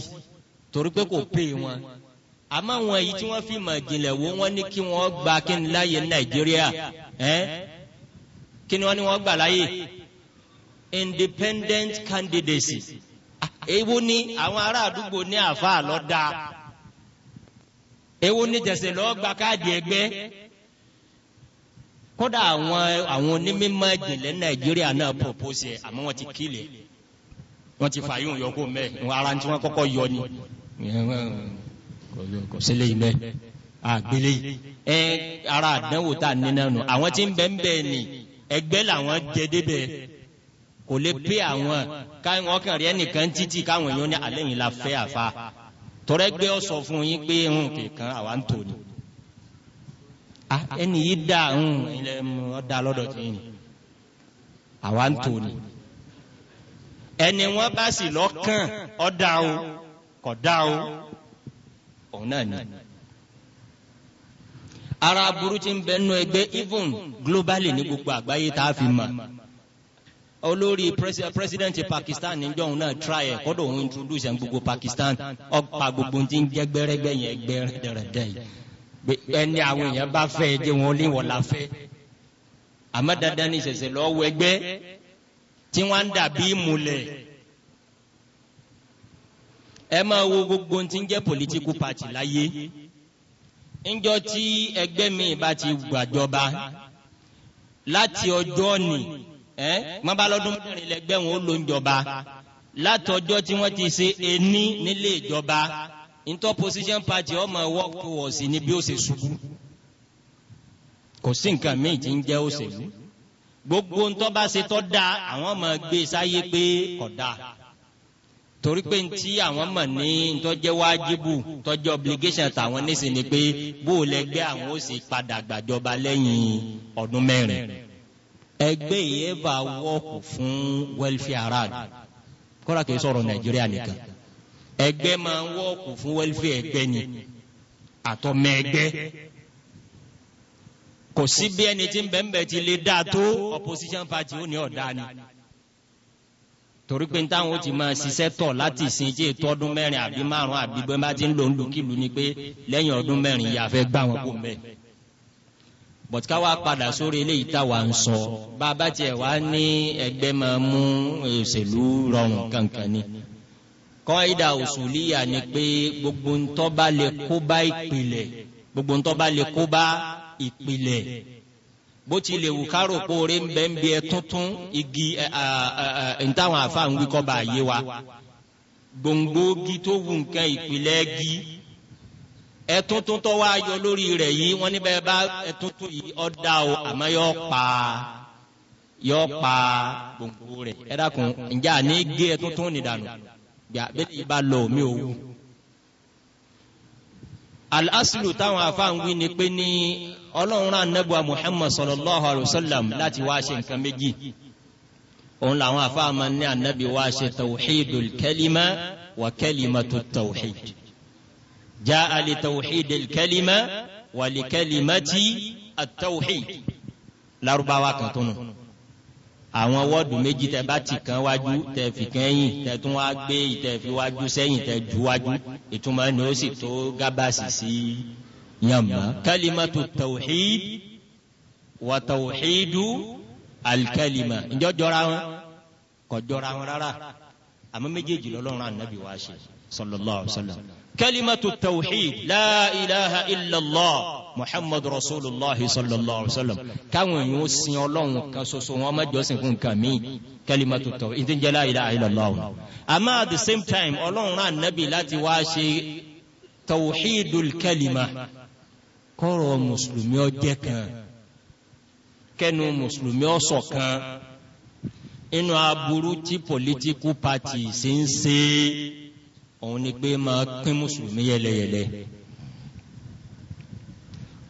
torí pé kò pé wọn àmọ́ àwọn èyí tí wọ́n fi mọ̀ ìjìnlẹ̀ wo wọ́n ní kí wọ́n gba kí ni láàyè nàìjíríà kí ni wọ́n ní wọ́n gbà láàyè independent candidacy èwo ni àwọn ará àdúgbò ní àfa lọ da èwo ni jẹ̀sẹ̀ lọ́ọ́ gba káàdì ẹgbẹ́ kódà àwọn àwọn onímọ̀ ìjìnlẹ̀ nàìjíríà náà propose ẹ̀ àmọ́ wọ́n ti kílẹ̀ wọ́n ti fààyè òun yọ kó mẹ́ẹ̀ wọn ara tí wọ́n kọ́kọ́ yọ ni kò sílé yìí mẹ́ àgbélé ẹ ara àdánwò tá a nínà nù àwọn tí ń bẹ ń bẹ ni ẹgbẹ́ làwọn jẹ débẹ̀ kò lè pé àwọn káwọn kàn rí ẹnìkan títí káwọn èèyàn ní alẹ́ yìí la fẹ́ àfa tọrẹgbẹ́ ọ sọ fún yín pé ń kìkan àwa ń tò ní ẹni yìí dá ń ilẹ̀ ọ̀dà lọ́dọ̀ tí yìí àwa ń tò ní ẹni wọn bá sì lọ́kàn ọ̀dà o kọ̀dà o òun náà ni. ara aburú ti ń bẹ nínú ẹgbẹ́ even globally ní gbogbo àgbáyé tá a fi mọ̀ olórí president Pakistan níjọ́ òun náà try ẹ̀ kọ́dọ̀ òun introduce ẹ̀ gbogbo Pakistan ọ̀pá gbogbo ti ń jẹ́ gbẹ́rẹ́gbẹ́ yẹn gbẹ́rẹ́dẹ̀rẹ̀dẹ̀ ẹni àwọn èèyàn bá fẹ́ ẹ jẹ́ wọn lé wọn la fẹ́ àmọ́ dandan ní ìṣẹ̀ṣẹ̀ lọ́wọ́ ẹgbẹ́ tí wọ́n ń dàbí ìmùlẹ̀ ẹ máa wo gbogbo ohun ń jẹ́ political party láyé ńjọ tí ẹgbẹ́ mi bá ti gbàjọba láti ọjọ́ ni ẹ má bá lọ́dún mẹ́rin lẹ́gbẹ́ wọn ó ló ń jọba látọjọ́ tí wọ́n ti ṣe ení nílé ìjọba interposition party ọmọ work towards ni bí ó ṣe ṣubú kò sí nǹkan míì tí ń jẹ́ òṣèlú gbogbo ń bá ṣe tọ́ da àwọn ọmọ gbé e sáyé pé kódà torí pé ntí àwọn mọ̀ ní ntọ́jẹ́ wájibù tọ́jẹ́ obligation tàwọn nísìn ni pé bó o lẹ́gbẹ́ àwọn ó sì padà gbàjọba lẹ́yìn ọdún mẹ́rin ẹgbẹ́ yìí wọ́ọ̀kù fún welfare ara kọ́ra kìí sọ̀rọ̀ nàìjíríà nìkan ẹgbẹ́ máa ń wọ́ọ̀kù fún welfare ẹgbẹ́ ni àtọ́mẹ́ ẹgbẹ́ kò sí bí ẹni tí ń bẹ́ẹ̀ bẹ́ẹ̀ ti lè dáa tó opposition party ó ní ọ̀dá torí pé táwọn ó ti máa ṣiṣẹ́ tọ̀ láti sin tí ètò ọdún mẹ́rin àbí márùn àbí bẹ́ẹ̀ bá ti ń lò ń lùkìlù ni pé lẹ́yìn ọdún mẹ́rin yìí àfẹ́ gbà wọn kò mẹ́. bọ̀t ká wá padà sórí eléyìí táwa ń sọ bá a bá tiẹ̀ wá ní ẹgbẹ́ máa mú òṣèlú rọrùn kankan ni. kọ́ńdà òṣùlíyà ni pé gbogbo ntọ́ bá lè kó bá ìpìlẹ̀ gbogbo ntọ́ bá lè kó bá ìpìlẹ̀ bó ti lè wù kárò kóore ń bẹ ń bí ẹ tuntun igi ẹ ẹ ntàwọn afa ń wí kọ́ bá yé wa gbòǹgbòógi tó wù nǹkan ìpìlẹ̀ gi ẹ tuntun tó wá yọ lórí rẹ̀ yìí wọ́n níbẹ̀ bá ẹ tuntun yìí ọ́ dá o àmọ́ yọ pa yọ pa gbòǹgbò rẹ̀ ẹ dákun ǹjẹ́ àní gé ẹ tuntun nìdànù gbà bẹ́ẹ̀ ni bá lọ mi ò wù. al-aslu táwọn afa ń wí ni pé ní ọlọ́run rán nẹ́bùa muhammad sallallahu alayhi wa sallam láti wá ṣe nǹkan méjì òun làwọn afáàmà ní anabi wá ṣe tawhidul kalima wa kalimatu tawhid jaa li tawhidil kalima wa li kalimati at-tawhid larubawa kan tó nù àwọn wọ́ọ̀dù méjì tẹ bá ti kan wájú tẹ fi kan yìn tẹ tún wá gbé tẹ fi wájú sẹ́yìn tẹ ju wájú ìtumọ̀ ni ó sì tó gábàsì sí i yàmà kalimatu tawhid wa tawhidu alikalima ǹjọ́ jọra wọn kò jọra wọn rárá àmọ́ méjèèjì lọ́lọ́run ànábì wa ṣe sallallahu alaihi wasallam kalimatu tawhid la ilaha illallah muhammadu rasulillahi sallallahu alaihi wasallam káwọn èèyàn ó sin ọlọ́run kan ṣoṣo wọn má jọ́sìn fún nǹkan míì kalimatu tawhid ìdí ń ilaha illallah àmọ́ at the same time ọlọ́run ànábì láti wá ṣe tawhidul kalima. kọ́rọ̀ mùsùlùmí ọjẹ́ kan kenu mùsùlùmí ọsọ kan inú aburú tí political pati ṣe ń ṣe òun ni pé máa pín mùsùlùmí yẹlẹyẹlẹ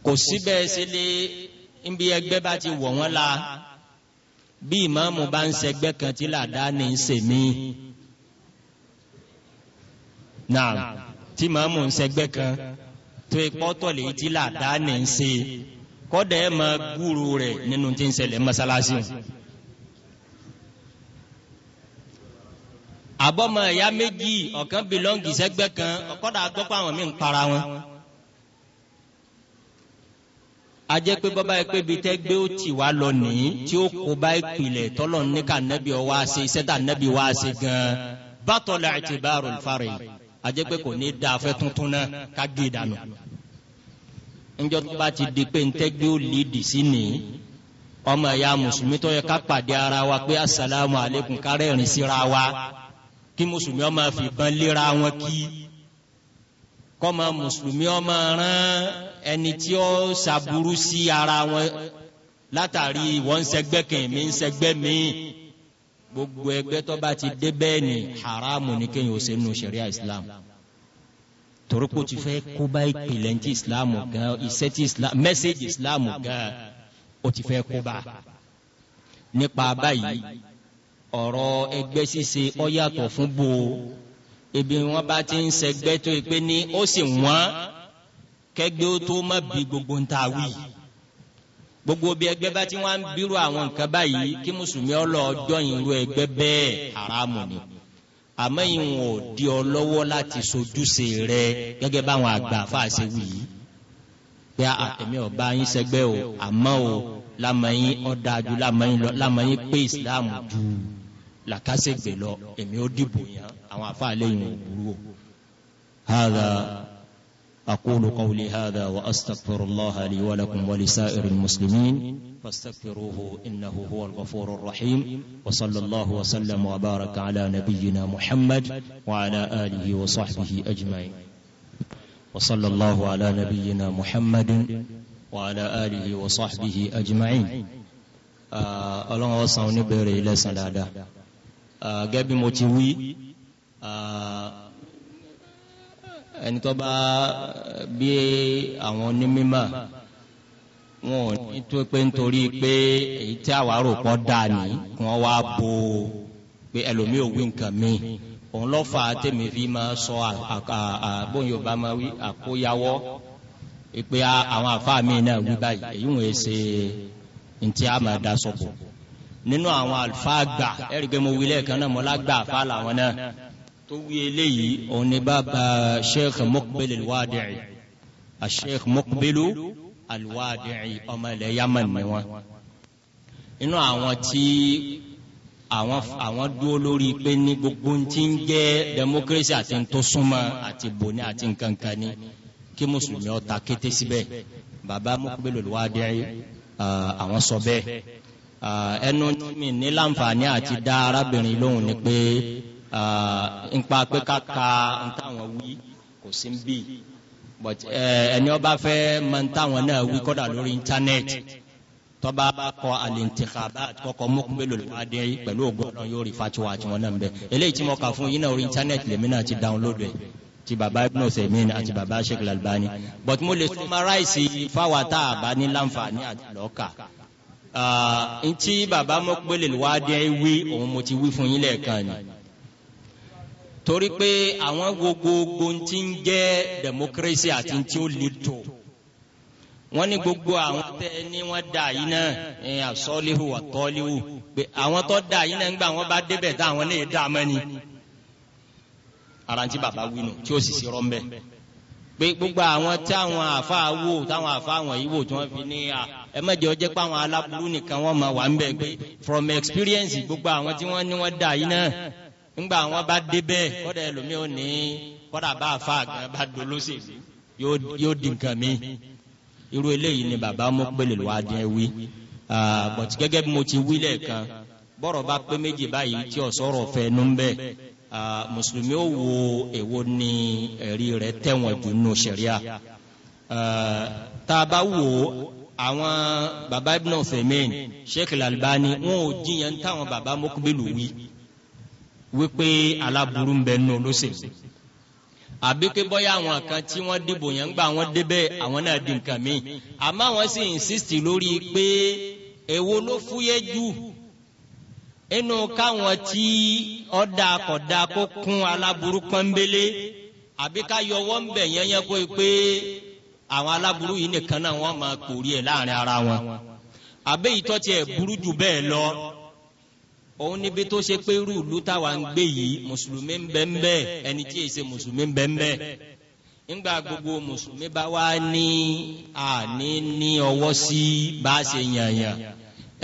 kò síbẹ̀ ṣe lé níbi ẹgbẹ́ bá ti wọ̀ wọ́n la bí ìmáàmù bá ń ṣẹgbẹ́ kan tí làdá ni ń ṣe mí náà tí ìmáàmù ń ṣẹgbẹ́ kan. tó ìpọ́tọ̀ lè ti là dá ní ń ṣe kọ́dà ẹ̀ mọ gúrú rẹ̀ nínú tí ń ṣẹlẹ̀ mọ́sálásí. àbọ̀mọ̀ ẹ̀yà méjì ọ̀kan bìlọ́ǹgì sẹ́gbẹ́ kan ọ̀kọ́dà gbọ́pọ̀ àwọn míì ń para wọn. ajẹ́ pé bọ́bá yẹ pé bíi tẹ́ gbé ó tì wá lọ nìyí tí ó kó bá ìpìlẹ̀ tọ́lọ̀ ní ká nẹ́bí ọ wá ṣe iṣẹ́ tà wá ṣe gan-an bàtọ̀ làtìbárò fàrẹ̀ ajẹ́ pé kò ní dáa fẹ́ tuntun náà ká gé dànù ńjọ́ tó bá ti di pé ntẹ́gbẹ́ ó lè dì sí ni ọmọ ẹ̀yà mùsùlùmí tó yẹ ká pàdé ara wa pé asalaamu aleykum kárẹ́rìn síra wa kí mùsùlùmí ọmọ fìbọn léra wọn kí kọ́mọ mùsùlùmí ọmọ rán ẹni tí ó ṣàbùrú sí ara wọn látàrí wọ́n ń sẹgbẹ́ kẹ̀mí ń mi gbogbo ẹgbẹ́ tó bá ti dé bẹ́ẹ̀ ni haramu ni kéèyàn ó ṣe nù sẹ̀ríà islam. islam torí kò ti fẹ́ kó bá ìpìlẹ̀ ti islam gan iṣẹ́ ti islam mẹ́sẹ̀gì islam gan ó ti fẹ́ kó bá nípa báyìí ọ̀rọ̀ ẹgbẹ́ ṣíṣe ó yàtọ̀ fún bo ibi wọn bá ti ń ṣẹgbẹ́ tó pé ní ó sì wọ́n kẹgbẹ́ ó tó má bi gbogbo ń ta wí gbogbo bí ẹgbẹ́ bá ti wọ́n á àwọn nǹkan báyìí kí mùsùlùmí ọlọ́ọ̀jọ́ ìrú ẹgbẹ́ bẹ́ẹ̀ haramu ni àmọ́ ìwọ̀n ò di ọ lọ́wọ́ láti sojúṣe rẹ gẹ́gẹ́ báwọn àgbà fàṣẹ wì í pé àtẹ̀mí ah, ọba yín sẹgbẹ́ o àmọ́ o lamẹ́yìn ọ̀dájú lamẹ́yìn lọ lamẹ́yìn pé Islam ju làkàṣègbè lọ èmi ó dìbò yàn àwọn àfa ò burú o. أقول قولي هذا وأستغفر الله لي ولكم ولسائر المسلمين فاستغفروه إنه هو الغفور الرحيم وصلى الله وسلم وبارك على نبينا محمد وعلى آله وصحبه أجمعين وصلى الله على نبينا محمد وعلى آله وصحبه أجمعين ألون وصعوني بري لسنا دا gẹ́bí mo ẹni tó bá bí àwọn onímọ̀ wọn ò ní tó pé nítorí pé èyí tí àwa rò pọ̀ dà ní kí wọ́n wá bo pé ẹlòmíì ò wí nǹkan mi òun lọ́ fà á tèmi fi máa sọ àbóyè Yorùbá máa wí àkóyawọ́ pé àwọn àfáà mi náà wí báyìí èyí wọ́n ṣe ntí a máa da sọ̀bọ̀ nínú àwọn àlùfáà gbà ẹ̀rí pé mo wí lẹ́ẹ̀kan náà mo lágbà àfáà làwọn náà tó wí eléyìí òun ni bàbá sheikh Muqbil al-Wadi'i sheikh Muqbil al-Wadi'i ọmọ ilẹ̀ Yaman ni wọn inú àwọn tí àwọn àwọn dúró lórí pé ní gbogbo tí ń jẹ́ democracy àti tó súnmọ́ àti bòní àti nkankan ni kí mùsùlùmí ó ta kété síbẹ̀ bàbá Muqbil al àwọn sọ bẹ́ẹ̀ ẹnu mi ní láǹfààní àti dá arábìnrin lóhùn ni pé nípa pé káka táwọn wí kò sí ń bì but ẹni ọba fẹ́ mọ táwọn náà wí kọ́dà lórí íńtánẹ́ẹ̀tì tọ́ba bá kọ al-intikhabat kọ́kọ́ mọ́kúnbélò lọ́wọ́dé pẹ̀lú ògbọ́n náà yóò rí fatiwa tí wọ́n náà ń bẹ̀ eléyìí tí mo kà fún yín náà orí íńtánẹ́ẹ̀tì lèmi náà ti download ẹ̀ ti baba Ibn Usaymin àti baba Sheikh Al-Albani but mo lè summarize fáwa tá a bá ní láǹfààní àlọ́kà ntí baba mọ́kúnbélò lọ́wọ́dé wí òun mo ti wí fún yín lẹ́ẹ̀kan ni torí pé àwọn gbogbogbò ti ń jẹ́ democracy àti tí ó le tó wọ́n ní gbogbo àwọn tẹ ní wọ́n dà yín náà ẹ̀ àsọ́líhù àtọ́líhù pé àwọn tó dà yín náà nígbà wọ́n bá débẹ̀ tá àwọn lè dà mọ́ni arantí bàbá wínú tí ó sì sí rọ́ńbẹ́ pé gbogbo àwọn tí àwọn àfa wò táwọn àfa wọn yìí wò tí wọ́n fi ní à ẹ mẹ́jọ jẹ́ pé àwọn aláburú nìkan wọ́n máa wà ń bẹ̀ pé from experience gbogbo àwọn tí wọ́n ní wọ́n dà yín náà ńgbà wọn bá débẹ̀ kọ́dà ẹlòmíì ò ní kọ́dà bá a fa àgbà bá dolóṣèlú yóò di nǹkan mi irú eléyìí ni bàbá mọ́pẹ́lẹ̀ lọ́wọ́ adìẹ wí bọ̀tí gẹ́gẹ́ bí mo ti wí lẹ́ẹ̀kan bọ́rọ̀ bá pé méjì báyìí tí ọ̀sọ́rọ̀ fẹ́ nú bẹ́ẹ̀ mùsùlùmí ó wo èwo ni ẹ̀rí rẹ̀ tẹ̀wọ̀n jù nù sẹ̀ríà tá a bá wò ó àwọn bàbá ibn Uthaymeen Sheikh Al-Albani wọn ò jiyàn táwọn bàbá mọ́pẹ́lẹ̀ wí wípé aláburú ń bẹ nù olóṣèlú àbí pé bọ́yá àwọn kan tí wọ́n dìbò yẹn ń gbà wọ́n débẹ̀ àwọn náà di nǹkan míì àmọ́ àwọn sì insist lórí pé èwo ló fúyẹ́ jù inú káwọn tí ọ̀dà kọ̀dà kó kún aláburú pọ́nbélé àbí ká yọwọ́ ń bẹ̀ yẹn yẹn kó pé àwọn aláburú yìí nìkan náà wọ́n máa pòrí ẹ̀ láàrin ara wọn àbí ìtọ́ tiẹ̀ burú jù bẹ́ẹ̀ lọ òun níbi tó ṣe pé irú ìlú táwa ń gbé yìí mùsùlùmí ń bẹ ń bẹ ẹni tí èsè mùsùlùmí ń bẹ ń bẹ nígbà gbogbo mùsùlùmí bá wá ní àní ní ọwọ́ sí bá a ṣe yànyàn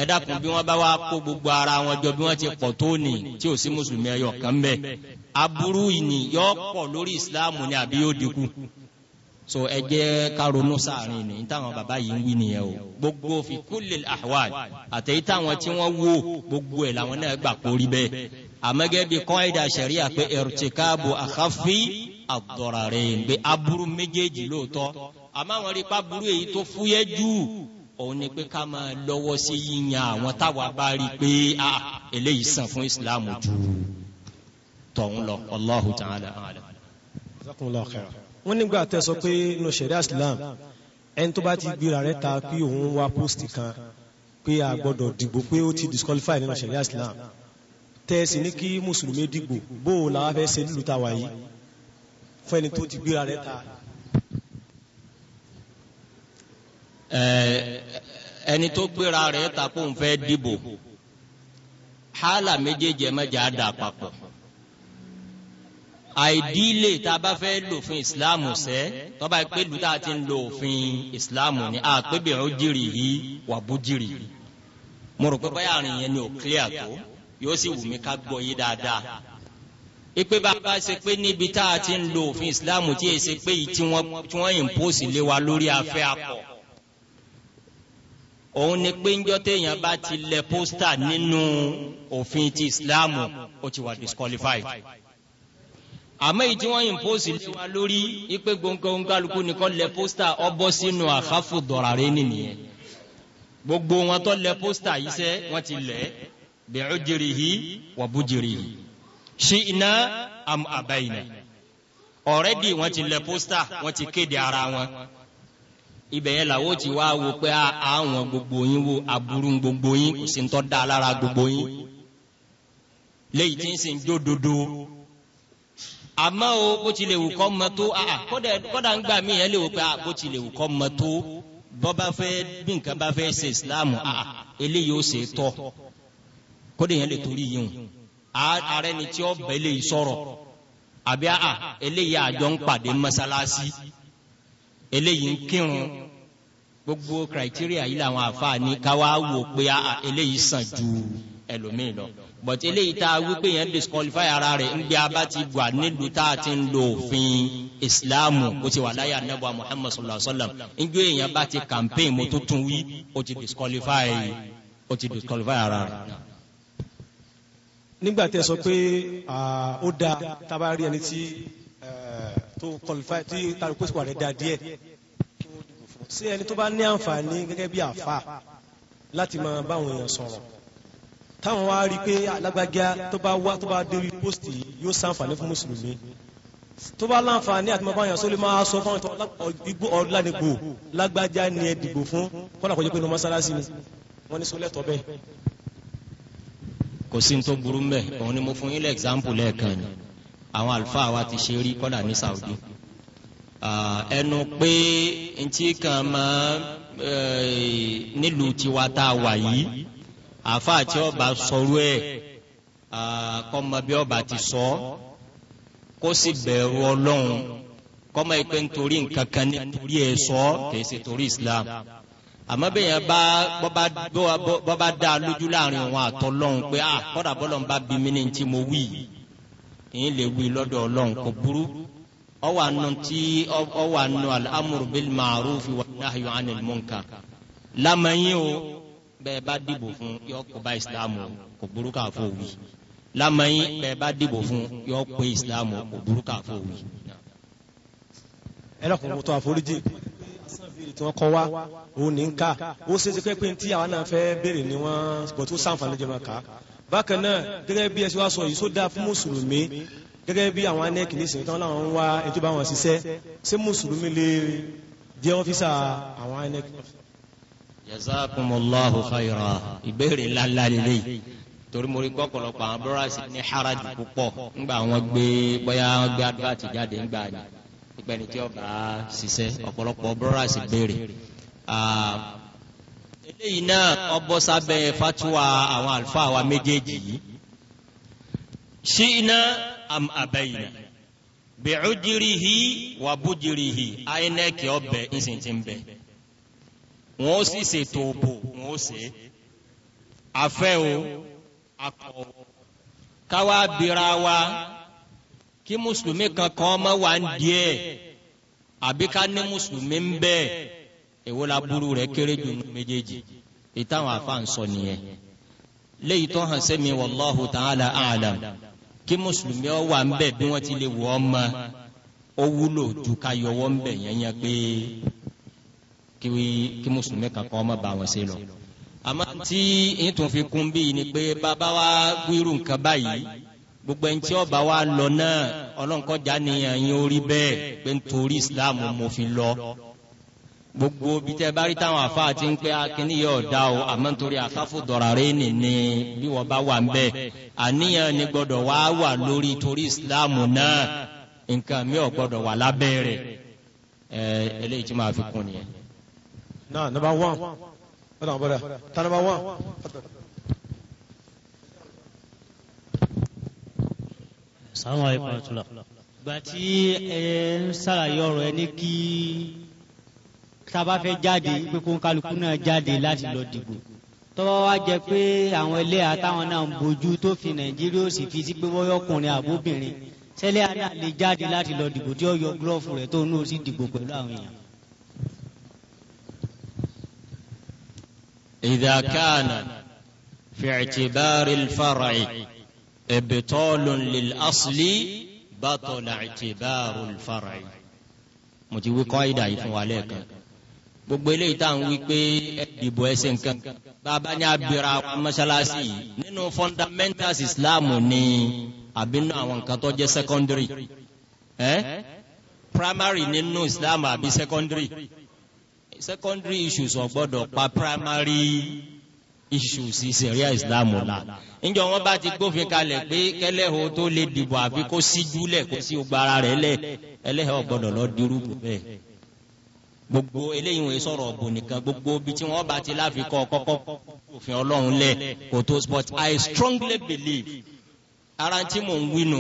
ẹ dákun bí wọ́n bá wá kó gbogbo ara wọn jọ bí wọ́n ti pọ̀ tó nì tí ò sí mùsùlùmí ẹyọ kan bẹ aburú yìí yọ pọ̀ lórí ìsìláàmù ni àbí yóò dínkù so ẹ jẹ́ ká ronú sáàrin ní táwọn bàbá yìí ń wí nìyẹn o gbogbo fi kullil ahwal àtẹ̀yí táwọn tí wọ́n wò gbogbo ẹ̀ làwọn náà gbà kórí bẹ́ẹ̀ àmọ́gẹ́ bíi qaida sharia pé irtikabu akhaffi ad-dararain pé aburú méjèèjì lóòótọ́ àmọ́ àwọn rí paburú èyí tó fúyẹ́ jù òun ni pé ká máa lọ́wọ́ sí yíyan àwọn táwa bá rí i pé eléyìí sàn fún Islam ju tọ̀hún lọ Allahu ta'ala wọ́n nígbà tẹ́ sọ pé no sharia islam ẹni tó bá ti gbéra rẹ̀ ta pé òun wá post kan pé a gbọ́dọ̀ dìbò pé ó ti disqualify nínú sharia islam tẹ́ ẹ sì ní kí mùsùlùmí dìbò bó o làwọn fẹ́ ṣe nílùú ta wà fún ẹni tó ti gbéra rẹ̀ ta. ẹni tó gbéra rẹ̀ ta kó n fẹ́ dìbò hálà méjèèjì ẹ mẹ́jà dà papọ̀ àìdílé tá a bá fẹ́ lòfin ìsìláàmù sẹ́ tọ́ba pé lù ti ń lo òfin ni a pé bẹ̀rẹ̀ ó jìrì yìí wà bú jìrì yìí mo rò pé báyà rìn yẹn ni ò clear tó yóò sì wù mí ká gbọ́ yé dáadáa ipe bàbá ṣe pé níbi tá a ti ń lo òfin ìsìláàmù tí èsì pé yìí tí wọ́n impose lé wa lórí afẹ́ apọ̀ òun ni pé ńjọ́ téèyàn bá ti lẹ pósítà nínú òfin ti ìsìláàmù ó ti wà disqualified àmọ́ èyí tí wọ́n yìn pósì lé wa lórí ipe gbọ̀ngàlùkù nìkan lẹ pósítà ọbọ̀ sínú àkáfù dọ̀rọ̀rẹ́ nìyẹn gbogbo wọn tó lẹ pósítà yìí sẹ́ wọ́n ti lẹ̀ bẹ̀rù jèrè yìí wà bú jèrè yìí ṣí iná am àbáyìnà ọ̀rẹ́dì wọ́n ti lẹ pósítà wọ́n ti kéde ara wọn ibẹ̀ yẹn làwọn ti wá wo pé àwọn gbogbo yín wo aburú gbogbo yín kò sí ń tọ́ da lára gbogbo yín léyìí tí ń sìn jó àmọ́ o bó ti lè wù kọ́ mọ tó a kọ́dà ń gbà mí yẹn lè wù pé a bó ti lè wù kọ́ mọ tó bọ́ bá fẹ́ bí nǹkan bá fẹ́ ṣe islam a eléyìí ó ṣe tọ́ kọ́dà yẹn lè torí yìí hùn ààrẹ ni tí ó bẹ̀ eléyìí sọ̀rọ̀ àbí a eléyìí àjọ ń pàdé mọ́sálásí eléyìí ń kírun gbogbo criteria yìí làwọn àfa ní káwá wò pé a eléyìí sàn ju ẹlòmíì lọ but eléyìí tá a wípé yẹn disqualify ara rẹ̀ ń gbé abá ti gbà nílùú tá a ti ń lo òfin ìsìláàmù kó ti wà láyé anábọ̀ muhammed sallallahu alayhi wa sallam ń gbé èèyàn bá ti campaign mo tó tún wí ó ti disqualify ó ti disqualify ara rẹ̀. nígbà tẹ sọ pé ó da tábà rí ẹni tí tó qualify tí tarikosiko rẹ da díẹ̀ sí ẹni tó bá ní àǹfààní gẹ́gẹ́ bí àfa láti máa báwọn èèyàn sọ̀rọ̀ táwọn wá rí i pé alágbájá tó bá wá tó bá dérí pósìtì yóò sàǹfààní fún mùsùlùmí tó bá láǹfààní àti mọ̀báyàn sólè máa sọ fún igbó ọ̀làdìgbò lágbájá ni ẹ dìbò fún kọ́nà kọjá pé ní mọ́sálásí ni wọ́n ní sólẹ̀ tọ́ bẹ́ẹ̀. kò sí ní tó burú mbẹ òun ni mo fún yín lẹ example lẹ́ẹ̀kan ni àwọn àlùfáà wa ti ṣe rí kọ́dà ní Saudi ẹnu pé ntí kan máa nílùú tiwa tá a wà yìí àfa àti ọba sọrú ẹ kọ́mọ bí ọba ti sọ kó sì bẹ̀rù ọlọ́run kọ́mọ ìpè nítorí nǹkan kan nítorí ẹ sọ kìí ṣe torí Islam àmọ́ bẹ́ẹ̀ yẹn bá bọ́ba dá lójú láàrin òun àtọ́lọ́hún pé à kọ́dà bọ́lọ̀ ń bá bí mi ní ti mo wí yín lè wí lọ́dọ̀ ọlọ́hún kò burú ọwọ́ àánú tí ọwọ́ àánú al-amru bil ma'ruf wa nahyu 'anil munkar lámẹ́yìn o bẹ́ẹ̀ bá dìbò fún yọ kó bá ìsìlámù kò burú káfó wí lámàyín bẹ́ẹ̀ bá dìbò fún yọ pé ìsìlámù kò burú káfó wí. ẹ lọkùnrin tó àforíjì tí wọ́n kọ́ wá òun ní ká ó ṣe é ṣe tí àwa náà fẹ́ béèrè ni wọ́n bọ̀ tó sáǹfààní jẹ́ máa kà á. bákan náà gẹ́gẹ́ bí ẹ ṣe wá sọ yìí sódà fún mùsùlùmí gẹ́gẹ́ bí àwọn anẹ́kì nísìnyí tán láwọn ń wá ètò bá wọn ṣiṣẹ́ ṣé mùsùlùmí lè jẹ́ ọ́fíìsà àwọn anẹ́kì jazakumullahu khayra ìbéèrè ńláńlá lélẹ̀ torí mo rí kọ́kọ́lọ́pọ̀ àwọn bọ́rọ̀sì ní harajì púpọ̀ ńgbà wọn gbé bóyá wọn gbé adúlá ti jáde ńgbà ni ìgbẹ́ni tí ọba ṣiṣẹ́ ọ̀pọ̀lọpọ̀ bọ́rọ̀sì béèrè eléyìí náà ọbọ sábẹ́ fatuwa àwọn àlùfáà wa méjèèjì yìí ṣíná am abẹyìnà bẹ̀rù jìrìhì wàbú jìrìhì àyẹnẹkì ọbẹ ńsìn ti ń bẹ wọn ó sì ṣètò òbò wọn ó ṣe é afẹ́ o akọ̀ o káwa bira wa kí mùsùlùmí kankan ọmọ wa ń díẹ̀ àbí ká ní mùsùlùmí ń bẹ́ èwo la burú rẹ̀ kéré jù nínú méjèèjì ìtàwọn afa ń sọ nìyẹn léyìí tó hàn sẹ́mi wallahu ta'ala a'lam kí mùsùlùmí ọ wà ń bẹ̀ bí wọ́n ti lè wọ́ ọ mọ́ ọ wúlò ju ká yọwọ́ ń bẹ̀ yẹn yẹn pé kí mùsùlùmí kankan má bá wọn ṣe lọ. àmọ́ tí yín tún fi kún bíi ni pé bàbá wa gbúrú nǹkan báyìí gbogbo ẹni tí ọba wa lọ náà ọlọ́nkọjà nìyẹn yín ó bẹ́ẹ̀ pé nítorí islam mo fi lọ gbogbo bí tẹ bá rí táwọn afa ti ń pẹ́ akínní yẹ ọ̀dà o àmọ́ nítorí àkáfò dọ̀rọ̀rẹ́ nìní bí wọ́n bá wà ń bẹ̀ àníyàn ni gbọ́dọ̀ wá wà lórí torí islam náà nǹkan mi ò gbọ́dọ̀ wà lábẹ́ rẹ̀ ẹ eléyìí tí màá fi kún nìyẹn náà number one ọ̀nà àbọ̀dà ta number one. sàmúlò àyíkọ́ àtúlọ̀ gbà tí ẹ ń ṣàlàyé ọ̀rọ̀ ẹ ní kí tába fẹ́ jáde pé kó ń kálukú náà jáde láti lọ dìbò tọ́wọ́ wá jẹ pé àwọn ẹlẹ́yà táwọn náà ń bójú tó fi nàìjíríà ó sì fi sí pé wọ́n yọkùnrin àbóbìnrin sẹ́lẹ̀ àná lè jáde láti lọ dìbò tí ó yọ gúlọ́ọ̀fù rẹ̀ tó ń náà sì dìbò pẹ̀lú àwọn èèyàn. إذا كان في اعتبار الفرع إبطال للأصل بطل اعتبار الفرع mo ti wí kọ́ìdà yìí fún wa lẹ́ẹ̀kan gbogbo eléyìí tá à ń wí pé ìdìbò ẹsẹ̀ nǹkan bàbá ní abira mọ́ṣáláṣí yìí nínú fundamentals Islam ni àbí àwọn nǹkan tó jẹ́ secondary primary nínú Islam àbí secondary secondary issues ọ̀gbọ́dọ̀ pa primary issues ìṣẹ̀ríà islam la níjọ wọn bá ti gbófin kalẹ̀ pé kẹlẹ́hó tó lè dìbò àfi kó síjú lẹ̀ kó sí gbogbo ara rẹ̀ lẹ̀ ẹlẹ́hẹ́ ọ̀gbọ́dọ̀ lọ dirúgbò bẹ́ẹ̀ gbogbo eléyìí wọn sọ̀rọ̀ ọ̀bùn nìkan gbogbo bí tí wọ́n bá ti láfi kọ́ kọ́kọ́ òfin ọlọ́run lẹ̀ kò tó sport i strongly believe ara tí mò ń wí nù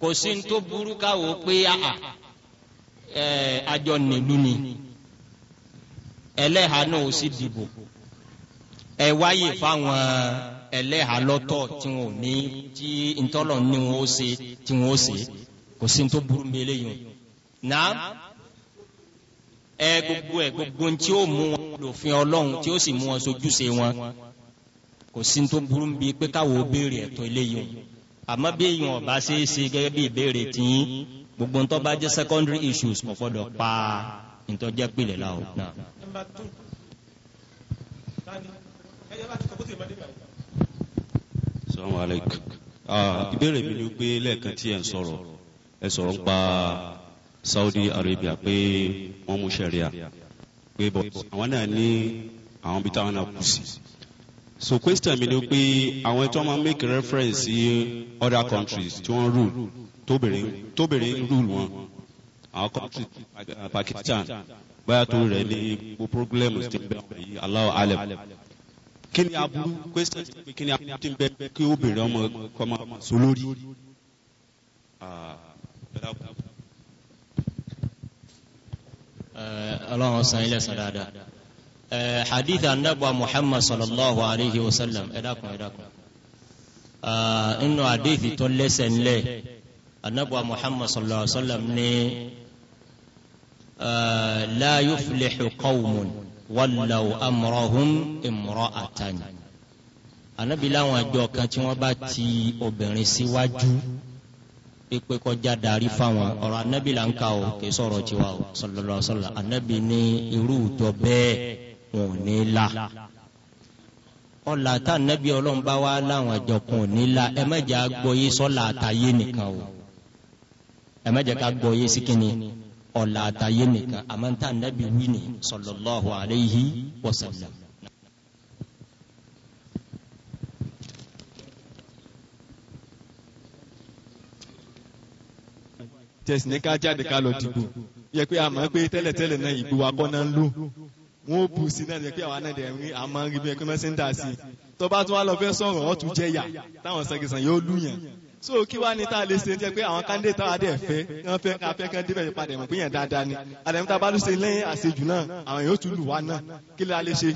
kò sí ní tó burú káwọ́ pé ah, ah, eh, àjọ nílùú ni. Luni ẹlẹ́hàá náà ó sì dìbò ẹ wáyè fáwọn ẹlẹ́hàá lọ́tọ̀ tí wọn ò ní tí ntọ́lọ̀ ní wọn ó ṣe tí wọn ó ṣe kò sí tó burú mi eléyìí na ẹ gbogbo ẹ gbogbo tí ó mú wọn lòfin ọlọ́run tí ó sì mú wọn sojúṣe wọn kò sí tó burú bíi pé káwọn ó béèrè ẹ̀tọ́ eléyìí àmọ́ bí èèyàn ọba ṣe é ṣe gẹ́gẹ́ bí ìbéèrè tìyín gbogbo ntọ́ bá jẹ́ secondary issues kò fọdọ̀ pa ntọ́jẹ́ pilẹ̀ la o. Nah nọ́mbà tó tani ẹ̀yẹ́ bá ti kọ́ bó ti lè máa dé báyìí. salamu aleykum ah, ìbéèrè mi ni pé lẹ́ẹ̀kan tí ẹ̀ ń sọ̀rọ̀ ẹ̀ sọ̀rọ̀ ń pa Saudi Arabia pé wọ́n mú ṣẹ̀ríà pé bọ̀ àwọn náà ní àwọn bí táwọn náà kù sí. so question mi ni pé àwọn ẹ̀tọ́ máa make reference sí other countries tí wọ́n rule tóbìnrin tóbìnrin rule wọn àwọn country Pakistan báyà tó rẹ̀ ní ipò pọ́blẹ́mù ti bẹ̀rẹ̀ yìí Allahu alam kí ni aburú kwesitọ ti pé kí ni aburú ti bẹ kí obìnrin ọmọ kọmọ solórí eh, ọlọ́run san ilé san dáadáa eh, hadith anabuwa muhammad sallallahu alayhi wa sallam ẹ dákun ẹ dákun nínú hadith tó lẹ́sẹ̀ ńlẹ̀ anabuwa muhammad sallallahu alayhi wa sallam لا يفلح قوم wallaw amrahum imra'atan anabi láwọn àjọ kan tí wọ́n bá ti obìnrin síwájú pípé kọjá darí fáwọn ọ̀rọ̀ anabi là ń ka o kì í sọ̀rọ̀ tiwa o sallallahu alaihi wasallam anabi ní irú ìjọ bẹ́ẹ̀ wọn ò ní la ọ̀là tá anabi ọlọ́run bá wá láwọn àjọ kan ò ní la ẹ mẹ́jẹ̀ á gbọ́ àtàyé nìkan o ẹ mẹ́jẹ̀ ká gbọ́ síkínni ọ̀la àtàyé nìkan àmọ́ntà nẹ́bí wí ni sallallahu alayhi wa sallam. jáde ká lọ dìbò yẹ pé a mọ̀ pé tẹ́lẹ̀tẹ́lẹ̀ náà ìbò wa kọ́ náà ń lò wọ́n bù sí náà yẹ pé àwa náà dẹ̀ rí àmọ́ rí bí ẹgbẹ́ mẹ́sẹ̀ ń dà sí i tó bá tún lọ fẹ́ sọ̀rọ̀ ọ́ tún jẹ́yà táwọn sẹ́gẹ̀sán yóò lù yàn so kí wàá ní tá a lè ṣe jẹ́ pé àwọn candidate táwa dẹ̀ fẹ́ wọ́n fẹ́ ká fẹ́ kán débẹ̀ padà mọ̀ yẹn dáadáa ni àdàmú tá a bá ló ṣe lẹ́yìn àṣejù náà àwọn yóò tún lù wá náà kí lè a lè ṣe.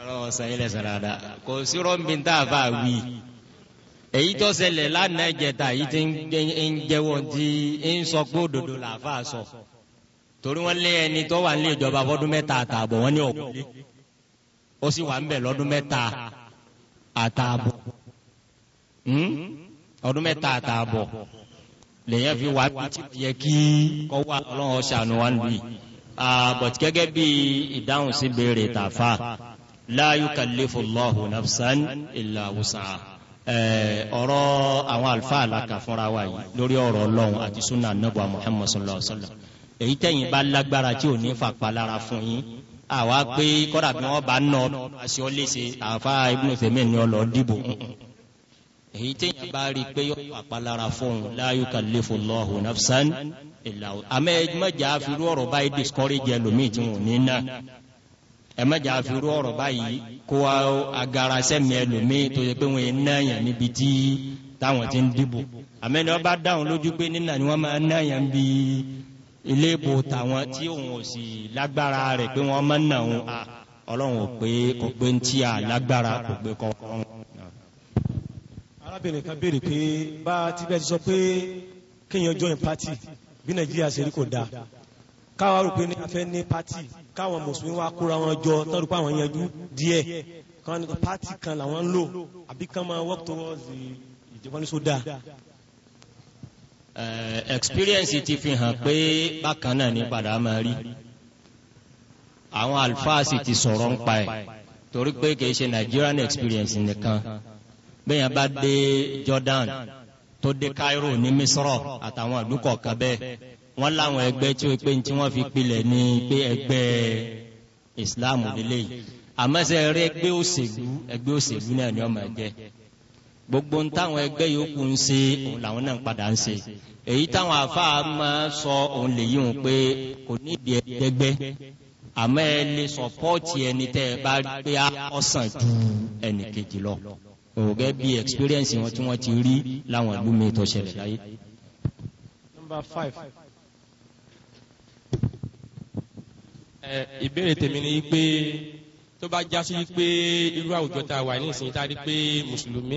ọlọ́wọ́ sẹ́yìnlẹ̀ sàràdà kò sí rọ́ǹbìn tá a fà wí èyí tó ṣẹlẹ̀ lánàá ìjẹta yìí ti ń jẹ́wọ́ ti ń sọ pé òdodo làáfà sọ torí wọn lé ẹni tó wà nílé ìjọba fọdún mẹ́ta àtààbọ̀ wọn ní ọkùnrin ó sì wà ń bẹ lọ́dún mẹ́ta àtààbọ̀ Hmm? ọdún mẹ́ta àtààbọ̀ lèyàn fi wá pìtì yẹ kí kọ́ wá ọlọ́run ọ̀ṣàánú wa lù yìí but gẹ́gẹ́ bí ìdáhùn sí béèrè tàfà la yukallifu Allahu nafsan illa wus'aha ọ̀rọ̀ àwọn àlùfáà làkà fúnra wa yìí lórí ọ̀rọ̀ ọlọ́run àti sunna anabu muhammad sallallahu alaihi èyí tẹ̀yìn bá lágbára tí ò ní fàpá fún yín àwa pé kọ́dà bí wọ́n bá nọ àṣọ léṣe àfa ibùdó tèmi ni ọlọ́ọ́ èyí téèyàn bá rí i pé yóò pàpalára fóun la yukallifu Allahu nafsan illa àmọ́ ẹ mọ̀jà àfirú ọ̀rọ̀ báyìí discourage ẹlòmíì tí wọn ò ní ná ẹ mọ̀jà àfirú ọ̀rọ̀ báyìí kó agara sẹ́mi ẹlòmíì tó yẹ pé wọn ò ná yàn níbi tí táwọn ti ń dìbò àmọ́ ẹni wọ́n bá dáhùn lójú pé nínà ni wọ́n máa ná bí ilé ìbò tàwọn tí òun ò sì lágbára rẹ̀ pé wọ́n máa ná òun ọlọ́run ò pé kò gbé ń tí lágbára kò gbé kọ́ ọ́n arábìnrin kan béèrè pé bá tibẹ̀ ti sọ pé kéèyàn join party bí nàìjíríà ṣe rí kò dáa káwa rò pé ní afẹ́ ní party káwọn mùsùlùmí wa kóra wọn jọ tọ́lú pé àwọn yanjú díẹ̀ kan party kan làwọn ń lò àbí kan máa work towards ìjọba ní eh, experience ti fi hàn pé bákan náà ní padà máa rí àwọn alfaasi ti sọ̀rọ̀ ń pa ẹ̀ torí pé kì í ṣe Nigerian experience nìkan bẹ́ẹ̀ yẹn bá dé Jordan tó dé Cairo ní misro, àtàwọn àdúkọ̀ kan bẹ́ẹ̀ wọ́n láwọn ẹgbẹ́ tí ó pé ní tí wọ́n fi pilẹ̀ ní pé ẹgbẹ́ Islam lélẹ̀ yìí àmọ́sẹ̀ rẹ ẹgbẹ́ òṣèlú ẹgbẹ́ òṣèlú náà ni ọmọ ẹgbẹ́ gbogbo ń táwọn ẹgbẹ́ yòókù ń ṣe òun làwọn náà ń padà ń ṣe èyí táwọn àfáà máa sọ òun lè yíwọn pé kò ní ìdí ẹgbẹ́ àmọ́ ẹ lè sọ̀pọ́ọ̀tì ẹni tẹ́ ẹ bá gbé ọ̀sán ju ẹnì kejì lọ ògẹ́ bí experience wọn tí wọ́n ti rí láwọn ìlú mi ṣẹlẹ̀ láyé. number five. ẹ ìbéèrè tèmi ni pé tó bá já sí pé irú àwùjọ tá a wà ní ìsinyìí tá a rí pé mùsùlùmí